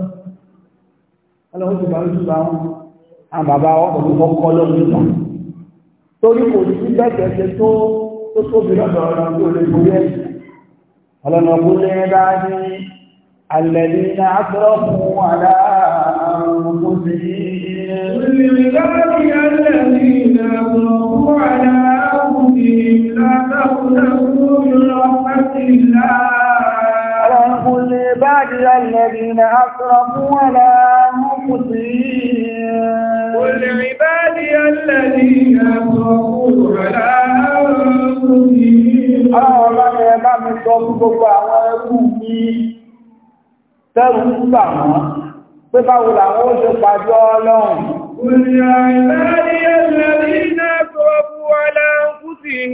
ọlọ́run ti bá ń tún bá wọn àwọn bàbá wọn kò kọ́ kọ́ lọ́wọ́ torí kò sí bẹ́ẹ̀ ṣe tó tó tóbi lọ́dọ̀ الذين أسرفوا ولا مقصرين لعبادي الذين أصرفوا على أنفسهم أولا يا بابا صلوا ni ẹlẹ́rí náà على أنفسهم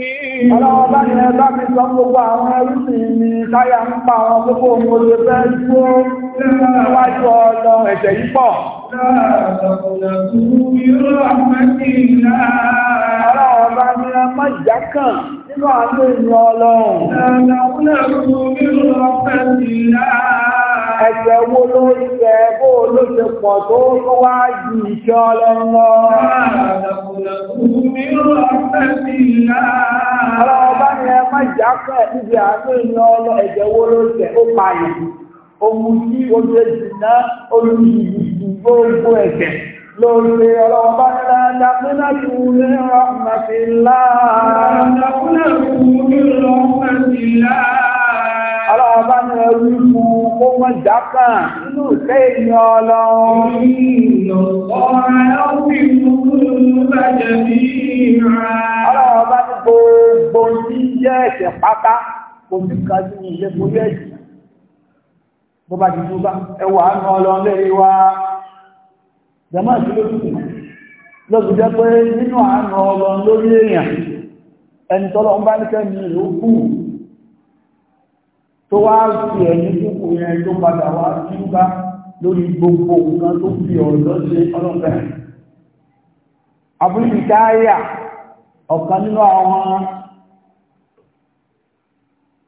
ọlọ́ọ̀bá ni ẹgbá mi sọ gbogbo àwọn ẹrùsìn ni táyà ń pa àwọn gbogbo òmòdó fẹ́ gbó níwájú ọlọ ẹ̀ṣẹ̀ yìí pọ̀ ọlọ́ọ̀bá ni ẹ má ìjà kàn nínú àánú ìlú ọlọ́run ẹ̀ṣẹ̀ wo ló ìfẹ́ bó ló ṣe pọ̀ tó wá ju ìṣẹ́ ọlọ́run lọ ẹ̀jẹ̀ akẹ́ níbi àánú ìyẹn ọlọ ẹ̀jẹ̀ wo ló tẹ̀ ó palẹ̀ ohun tí ojú ẹ̀jẹ̀ náà olùyìí gbogbo ẹ̀jẹ̀ lórí ọlọ́wọ́ bá nílá dákúnlá kú ní ọ̀pàtìlá ọlọ́wọ́ bá ní ẹrú fún kó mọ́ dákàn nínú ìfẹ́ èèyàn ọlọ́run. Ọlọ́run bá ní gbogbo tí jẹ́ ẹ̀ṣẹ̀ pátá, kò sí kájú ilé borí ẹ̀jì. Bó bá ti dúbá, ẹwà ánú ọlọ́run lẹ́yìn wá. Jẹ́mọ́ ìṣúlé tó wá fi ẹ̀yìn kúkú yẹn tó padà wá bá lórí gbogbo nǹkan tó fi ọ̀dọ́ ṣe ọlọ́fẹ́ àbúrò ìdáyà ọ̀kan nínú àwọn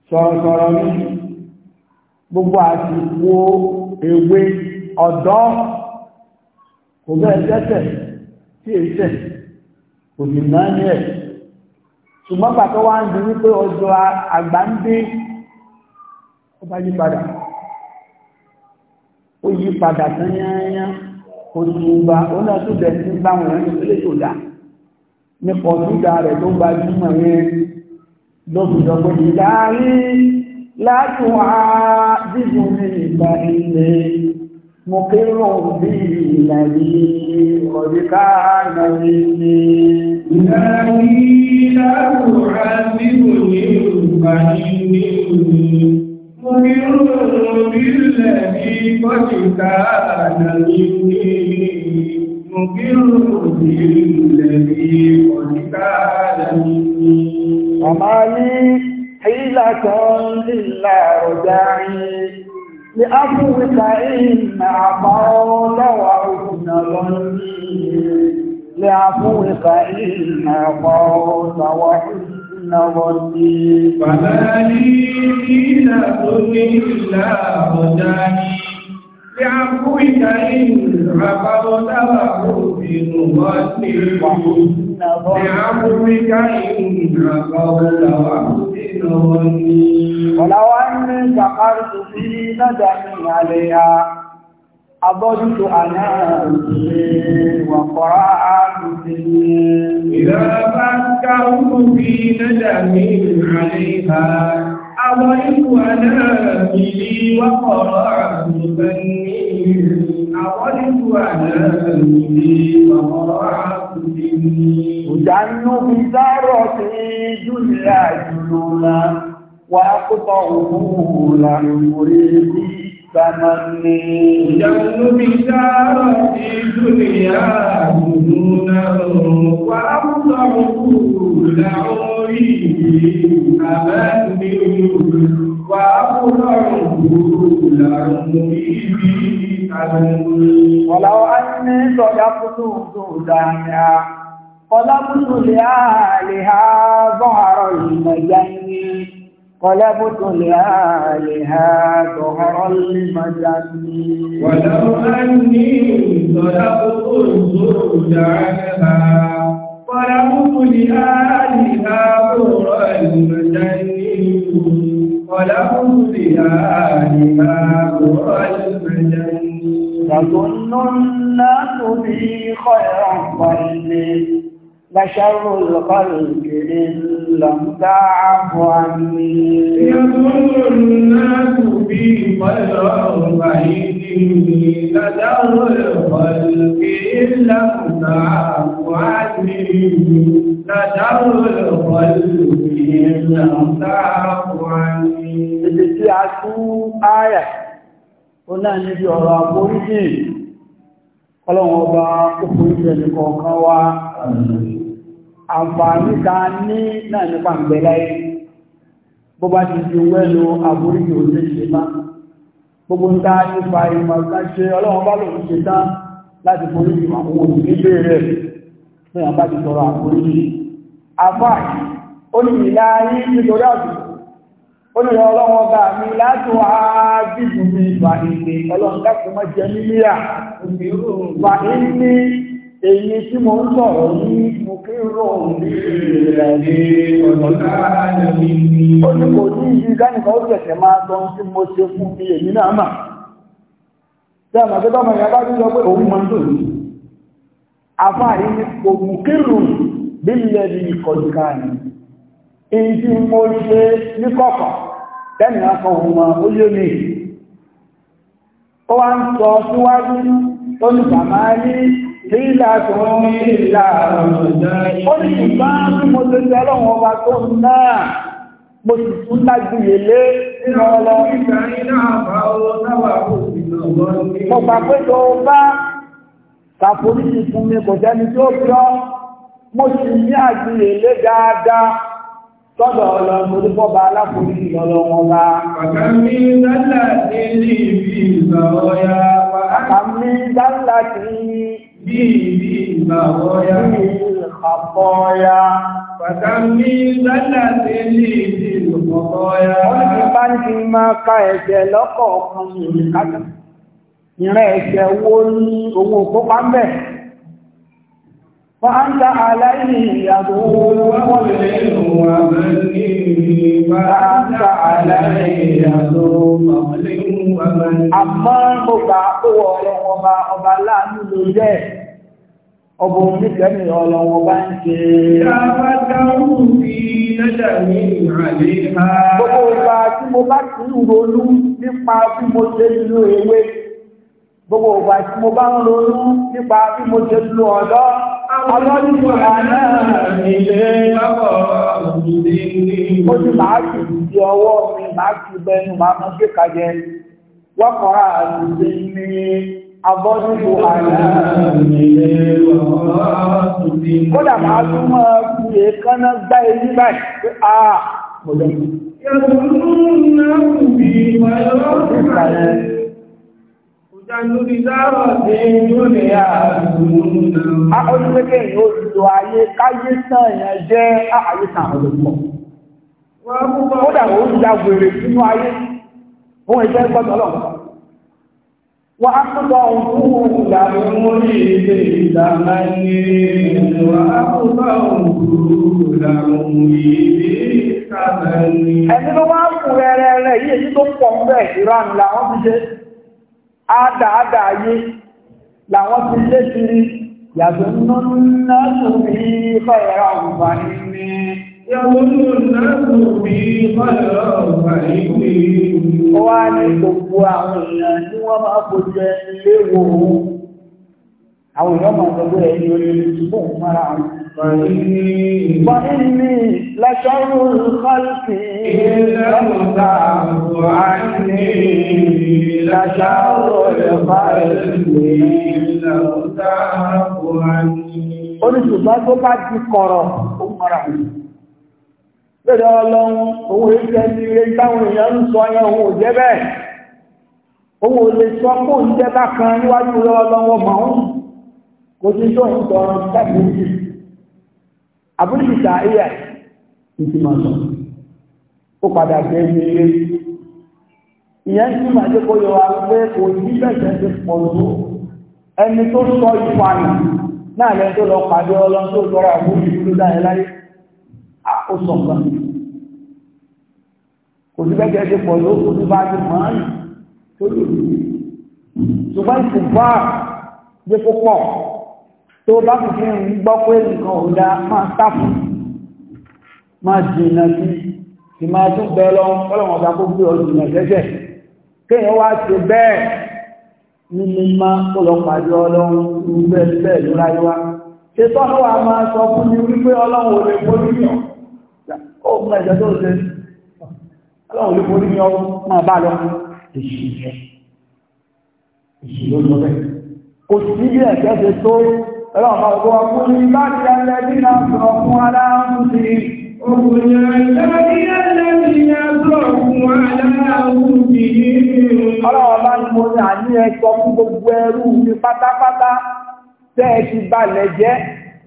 sọ̀rọ̀sọ̀rọ̀ ní gbogbo àsìkò èwe ọ̀dọ́ kò bẹ́ẹ̀ tẹ́tẹ̀ tí kò sì náà ní ẹ̀ ṣùgbọ́n pàtó wá ń di wípé ó bá yí padà ó yí padà tán yányá kò tù bá ó náà tó bẹ̀ sí bá wọn ní ilé tó dà nípa ọ̀túnda rẹ̀ tó gbajúmọ̀ yẹn lóbùdó pé ìdárí látún á dídùn ní ìgbà ilé mo kérò bí ìlàrí ọ̀díká ànàrí ni ìlàrí látún á dídùn ní ìgbà ilé ومنهم بالذي قد كان مني مقر بالذي قد كان مني وما لي حيلة إلا رجعي لأفوك إن عطول وحسن ظني لأفوك إن عطول وحسن ربي فما لي دينة إلا هداني لعفوك إن عفوت وأحسن ظني لعفوك إن عفوت وأحسن ظني ولو أني سقرت في ندم عليها أضلت أنا وقرأت إذا فكرت في ندم عليها أضيت أنا بلي أجن بزارتي جل جلولا وأقطعه لعمري الثمن يوم بشارة الدنيا دونه وأفضل لعوري أمن ولو أني صدقت دنيا ولم تلها لها ظهر المجنين قلبت لآلها ظهر المجنين ولو أني طلبت الزرد عنها طلبت لآلها ظهر المجنين طلبت لآلها ظهر المجنين تظن الناس بي خيرا ظني لشر الخلق إن تعف عني يظن الناس بي غير بعيد لشر الخلق إن تعف عني لشر الخلق إن تعف عني Ibi tí a tún áyà, ó náà níbi ọ̀rọ̀ àforíjì, ọlọ́run ọba ó forí jẹ́ nìkan kan wá àǹfààní ta ní náà nípa ìgbẹ̀láyé bó bá ti fi wẹ́lú àbúríkì òṣè ṣe má gbogbo ń ta nípa ìmọ̀ ṣe ọlọ́run bá lòun ṣe tán láti foríkì àwọn olùgbé rẹ̀ fún ìyàn bá ti sọ̀rọ̀ àforíkì àfáà ó ní ìlà ayé nítorí àdúgbò èyí tí mo ń sọ̀rọ̀ ní mo kí rọ̀ ní ìrìnlẹ̀ ọdún kò ní ìyí gánìkà ó tẹ̀sẹ̀ máa tọ́ tí mo ṣe fún bí èyí náà mà tí a màtí bọ́mọ̀ ìyá bá rí lọ pé òun mọ́ tó ní àfáàrí ògùn kírù bílẹ̀ ní ìkọ̀dùkà ní èyí tí mo ṣe ní kọ̀kọ̀ tẹ́nìyà kan òun mọ́ mi ó wá ń sọ síwájú tó ní bàmáà ní Lílà tó ń lílà ó ní ìbá ní mo tó jẹ́ ọlọ́run ọba tó náà mo sì tún lágbìyè lé lọ́lọ́. Mo gbà pé tó bá kàforíjì fún mi kò jẹ́ni tí ó jọ, mo sì ní àgbìyè lé dáadáa tọ́dọ̀ ọlọ́run mo dúpọ́ bá aláforíjì lọ́lọ́run ọba. Àkàmí dálà ní ibi ìgbà ọya. Àkàmí dálà ní بي بغايا الخطايا فتمي زلة لي في الخطايا ولكن ما قيد لقاكم ìrìn ẹ̀ṣẹ̀ wo ní owó kópa ń bẹ̀ فأنت عليه يدور والليل ومني فأنت عليه يدور Àmọ́ mo gbà owó ọlọ́wọ́ ọba ọba láàánú ló jẹ́, ọba oníkẹ́mì ọlọ́wọ́ bá ń ṣe. Ṣàbátàrù bí lẹ́jà ní ìrànlẹ́ ha. Gbogbo ìgbà tí mo bá ti ń ronú nípa bí mo ṣe lo ewé, gbogbo ìgbà tí mo bá ń ronú nípa bí mo ṣe lo ọ̀dọ́. Ọlọ́dún àná ilé ọkọ̀ òjìdí. Ó ti máa kì í di ọwọ́ mi, máa kì í bẹnu, máa mọ́ sí kàjẹ. Wọ́kọ̀ àti ní abọ́dún àná ilé ọkọ̀ òjìdí. Kódà máa tún mọ́ fi èékánná gbá eyín báyìí pé a Ọdúnlẹ́kẹ́ yóò lò ayé káyé tàn yẹn jẹ́ ààyè tàn ọdúnlọ́. Ó dàgbà ó jà wèrè sínú ayé, òun ẹ̀jẹ́ gbọ́dọ̀ lọ. Wà á kúrò ọ̀hún ìlànà mórí ilé ìlànà ní wà á kúrò ọ̀hún ìlànà mórí ilé ìlànà ní. Ẹni ló máa ń kú rẹ̀rẹ̀ rẹ̀ yìí tó pọ̀ ń bẹ̀ ìrànlá wọ́n ti ṣe. àdàádà ayé làwọn ti lé kiri yàtọ̀ nínú bí fẹ́ẹ̀rẹ̀ ọ̀gbà ní ó wá ní gbogbo tí àwọn èèyàn máa sọ pé ẹni mara وإني لشر الخلق إلا عني لشر الخلق إلا عني Oríṣùgbọ́n tó bá ti kọ̀rọ̀ ó mọ́ra. Bẹ́ẹ̀dẹ̀ ọlọ́run, òun èéjẹ́ ti rẹ̀ táwọn èèyàn ń sọ ẹyàn òun ò jẹ́ bẹ́ẹ̀. Òun ò lè sọ kó ń jẹ́ bá kan níwájú lọ́wọ́lọ́wọ́ màá àbúrúkìtà ai ní ti máa sọ ó padà bẹ wíire ìyẹn tí màá jẹ́ kó yọ wa pé kò ní bẹ̀sẹ̀ ti pọ̀ tó ẹni tó sọ ìfààní náà lẹ́yìn tó lọ pàdé ọlọ́run tó lọ́rọ̀ àbúrú ìlú dáyẹ láyé ó sọ nǹkan kò sí bẹ́ẹ̀ ti pọ̀ tó kò sí bá ti mọ̀ án tó lò ṣùgbọ́n ìfùfà jẹ́ kó tó bá fi fi ń gbọ́ pé nǹkan ò dá máa sáfù máa jìnà sí ti máa tún bẹ lọ ọlọ́wọ́n ọba kó gbé ọdún ìrìnà jẹ́jẹ́ kéèyàn wá ṣe bẹ́ẹ̀ ní mímá ọlọ́pàdé ọlọ́run irúgbẹ́ bẹ́ẹ̀ ló ráyé wá ṣe tọ́nú wa máa sọ fún mi wípé ọlọ́run ò lè forí yàn ó mú ẹ̀jẹ̀ tó ṣe ọlọ́run ò lè forí yàn máa bá lọ èṣì رغبوا قلبك الذين أصرفوا على أنفسهم Ọlọ́wọ́ bá ní mo ní àní ẹ̀kọ́ fún gbogbo ẹrú mi pátápátá tẹ́ẹ̀ ti balẹ̀ jẹ́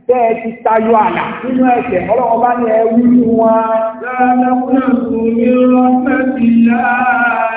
tẹ́ẹ̀ ti tayọ àlà nínú ẹ̀ṣẹ̀. Ọlọ́wọ́ bá ní ẹwú wọn. Láàrín ọkùnrin ọ̀sùn ní rọ́pẹ́ ti láàá.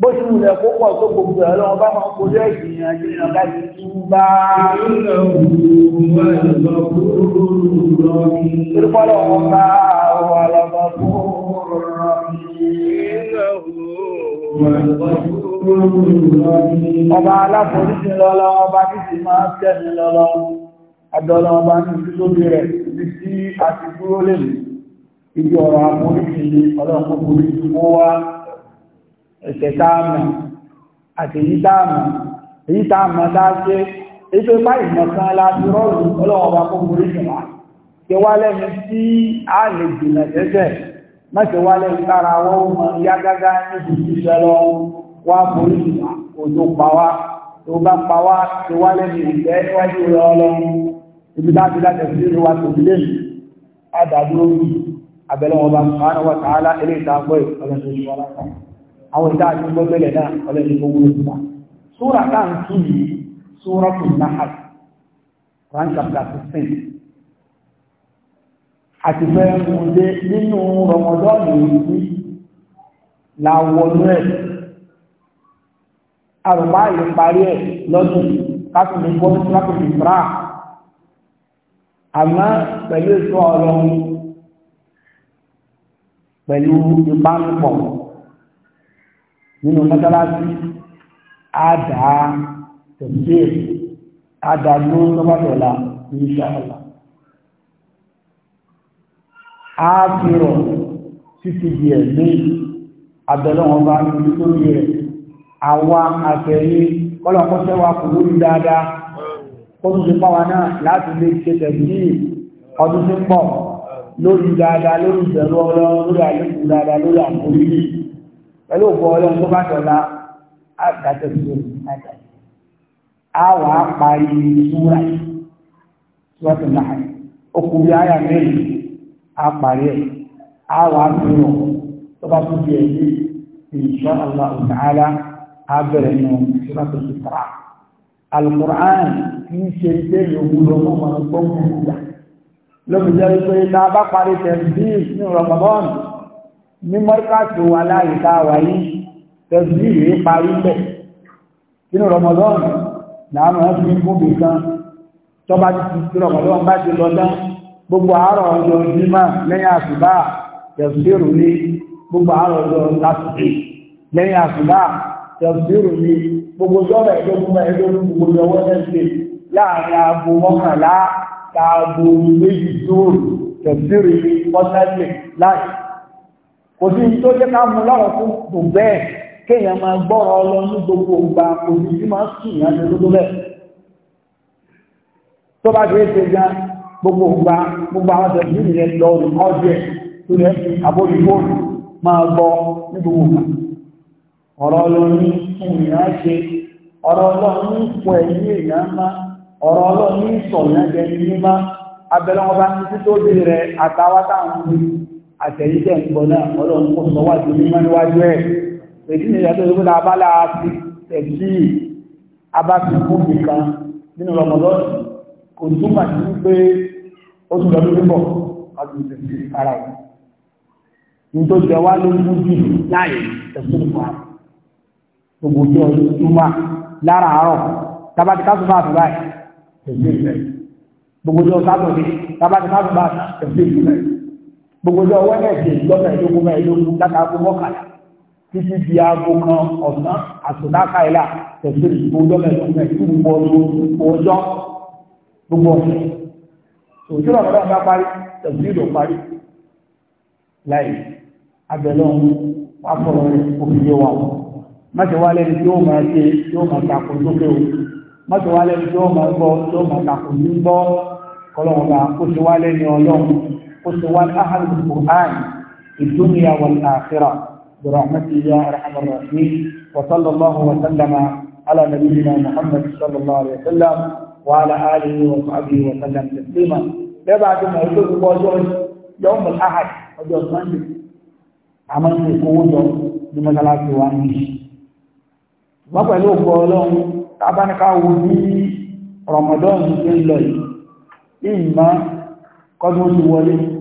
bó ti wùlẹ̀ kó pọ̀ tó gbogbo ẹ̀rọ ọba máa kó lé ìgbìyànjú ìrànlá ti tún bá ìrúpọ̀lọ̀ ọba wà lọ́gbà fún ọba aláforíṣẹ́ lọ́lọ́ ọba títí máa tẹ́mi lọ́lọ́ adọ́lọ́ ọba ní ìtútóbi rẹ̀ ibi tí a ti dúró lè ibi ọ̀rọ̀ àforíṣẹ́ ọlọ́pọ̀ ẹ̀ṣẹ̀ táàmù àti èyí táàmù èyí táàmù láṣẹ ètò ipá ìmọ̀kan láti rọ́ọ̀lù ọlọ́ọ̀wà kókòrò ìṣẹ̀wà kí wá lẹ́nu tí a lè jìnà jẹ́jẹ́ mẹ́sẹ̀ wá lẹ́nu tára wọ́n mọ ya gágá níbi ìṣẹ́ lọ wá borí ìṣẹ̀wà bá pa wá tó wá lẹ́nu ìgbẹ́ níwájú rẹ̀ ọlọ́run àwọn ìdá àti gbọ́gbẹ́lẹ̀ náà ọlẹ́ni tó wúlò fún wa súra tá ń tún yìí súra tó náhàl Quran chapter sixteen àti fẹ́ múlé nínú rọmọdọ́ọ̀nù yìí làwọnú ẹ̀ àrùbá yìí parí ẹ̀ lọ́dún káfíńtì pẹ̀lú ìṣọ́ nínú mọ́sálásí àdá tẹ̀síẹ̀ àdá ló lọ́pàtọ̀lá ní ìṣàlá ààfihàn títí di ẹ̀mí abẹ́lọ́wọ́n bá ní lórí rẹ̀ àwa àfẹ́yí kọ́lọ̀kọ́sẹ́ wa kò lórí dáadáa kó tún ti pá wa náà láti lè ṣe tẹ̀sí ọdún tí ń pọ̀ lórí dáadáa lórí ìbẹ̀rù ọlọ́run lórí àlékún dáadáa lórí àkórí yìí pẹ̀lú ògbó ọlọ́run tó bá dọ̀la àgbàjọ ìṣòro àgbà á wà á parí ìṣúra ìṣúwàtò náà okùnrin àyà mẹ́rin á parí ẹ̀ á wà á fi hàn tó bá tún di ẹ̀yí insha Allah ta'ala á bẹ̀rẹ̀ nù ìṣúwàtò ìṣúra alukur'an kì í ṣe iṣẹ́ ìyókùn lọ́mọ ọmọ ọgbọ́n kúrú gbà lọ́mọdé wípé tá a bá parí tẹ̀síì ní rọmọdọ́nù ní mọ́ríkàtù wà láyìíká wà yìí tẹ̀sí rèé parí bẹ̀ nínú Ramadan làwọn ọmọ fi ń gúnbì kan tọ́ba ti ti Ramadan bá ti lọ tán gbogbo àárọ̀ ọjọ́ jímọ̀ lẹ́yìn àsùbá tẹ̀síìrù ní gbogbo àárọ̀ ọjọ́ lásìkò lẹ́yìn àsùbá tẹ̀síìrù ní gbogbo jọ́bẹ̀ ẹ̀dógún ẹ̀dógún gbogbo ọwọ́ ẹ̀sẹ̀ láàrin aago mọ́kànlá aago méjì tóòrù tẹ̀síìrù ní pọ́sẹ́lẹ̀ láì kò sí tó jẹ́ ká mú lọ́rọ̀ fún tó bẹ́ẹ̀ kéèyàn máa gbọ́rọ̀ lọ ní gbogbo ìgbà kò sí máa sùn yàn ní lódó tó bá ṣe ṣe gan gbogbo ìgbà gbogbo àwọn ọ̀sẹ̀ yìí rẹ̀ lọ ọjọ́ tó rẹ̀ fi máa gbọ́ ní gbogbo ìgbà ọ̀rọ̀ fún ṣe ọ̀rọ̀ ní fún ẹ̀yìn ọ̀rọ̀ ní sọ̀rọ̀ àtẹ̀yíṣẹ́ ìgbọ̀n náà ọlọ́run kò sọ wá sí mímọ́ níwájú ẹ̀ èdè ní ìyàtọ̀ ìgbó náà abala ti tẹ̀sí abáfikún nìkan nínú rọmọdọ́n kò túmọ̀ sí pé ó tún lọ lórí bọ̀ ọdún tẹ̀sí ara ẹ̀ ní tó jẹ wá ló mú jù láàyè tẹ̀sí nìkan gbogbo jẹ́ ọdún túmọ̀ lára àárọ̀ tábàtì ká tún bá àtúbà ẹ̀ tẹ̀sí ìfẹ́ gbogbo ọjọ́ wẹ́nẹ̀dẹ̀ lọ́nà ìlógún mẹ́ẹ̀ẹ́dógún látàkó mọ́kànlá títí di aago kan ọ̀sán àtúndáka ìlà tẹ̀sí gbogbo ọjọ́ mẹ́ẹ̀ẹ́dógún mẹ́ẹ̀ẹ́dógún gbogbo ọjọ́ gbogbo ọ̀sẹ̀ òtún ọ̀rọ̀ bá parí tẹ̀sí ìlò parí láì abẹ́lẹ́ ọ̀hún wà fọ̀rọ̀ rẹ̀ òfìyẹ wa o má ti wá lẹ́ni tí ó máa ṣe tí ó máa takò lókè o má ti wá tí ó máa gbọ́ tí ó máa takò ní gbọ́ kọ́lọ́wọ́n kó ti wá lẹ́ni ọlọ́run قل أهل القرآن في الدنيا والآخرة برحمته يا أرحم الراحمين وصلى الله وسلم على نبينا محمد صلى الله عليه وسلم وعلى آله وصحبه وسلم تسليما بعد ما يقول بوجود يوم الأحد وجود مندي عمل يكون بمثلات وانيش ما بلو ọgbọ̀ تعبان tàbáníká رمضان ní ramadan ní ilẹ̀ yìí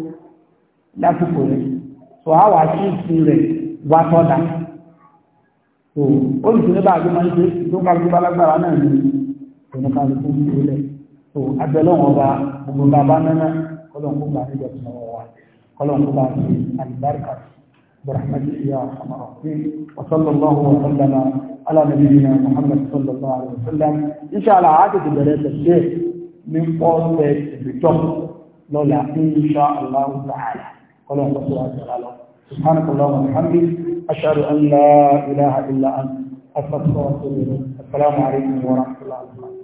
lásìkò rẹ̀ tó a wà sí ìsìn rẹ̀ wá tọ́da tó ó sì ní báàgì máa ń ṣe tó kálukú balagbára náà ní ìpinnu kálukú ìpínlẹ̀ tó abẹ́lọ́wọ̀n ọba gbogbo bàbá náà kọ́lọ́nkú bá ní ìjọ tó wà kọ́lọ́nkú bá ní àlùbáríkà برحمتك يا ارحم الراحمين وصلى الله وسلم على نبينا محمد صلى الله عليه وسلم ان شاء الله عاده بلاد الشيخ من قوه البتوح لولا ان شاء الله تعالى ọlọ́run tó wà jẹ́ سبحانك اللهم وبحمدك أشهد أن لا إله إلا أنت أستغفرك السلام عليكم ورحمة الله وبركاته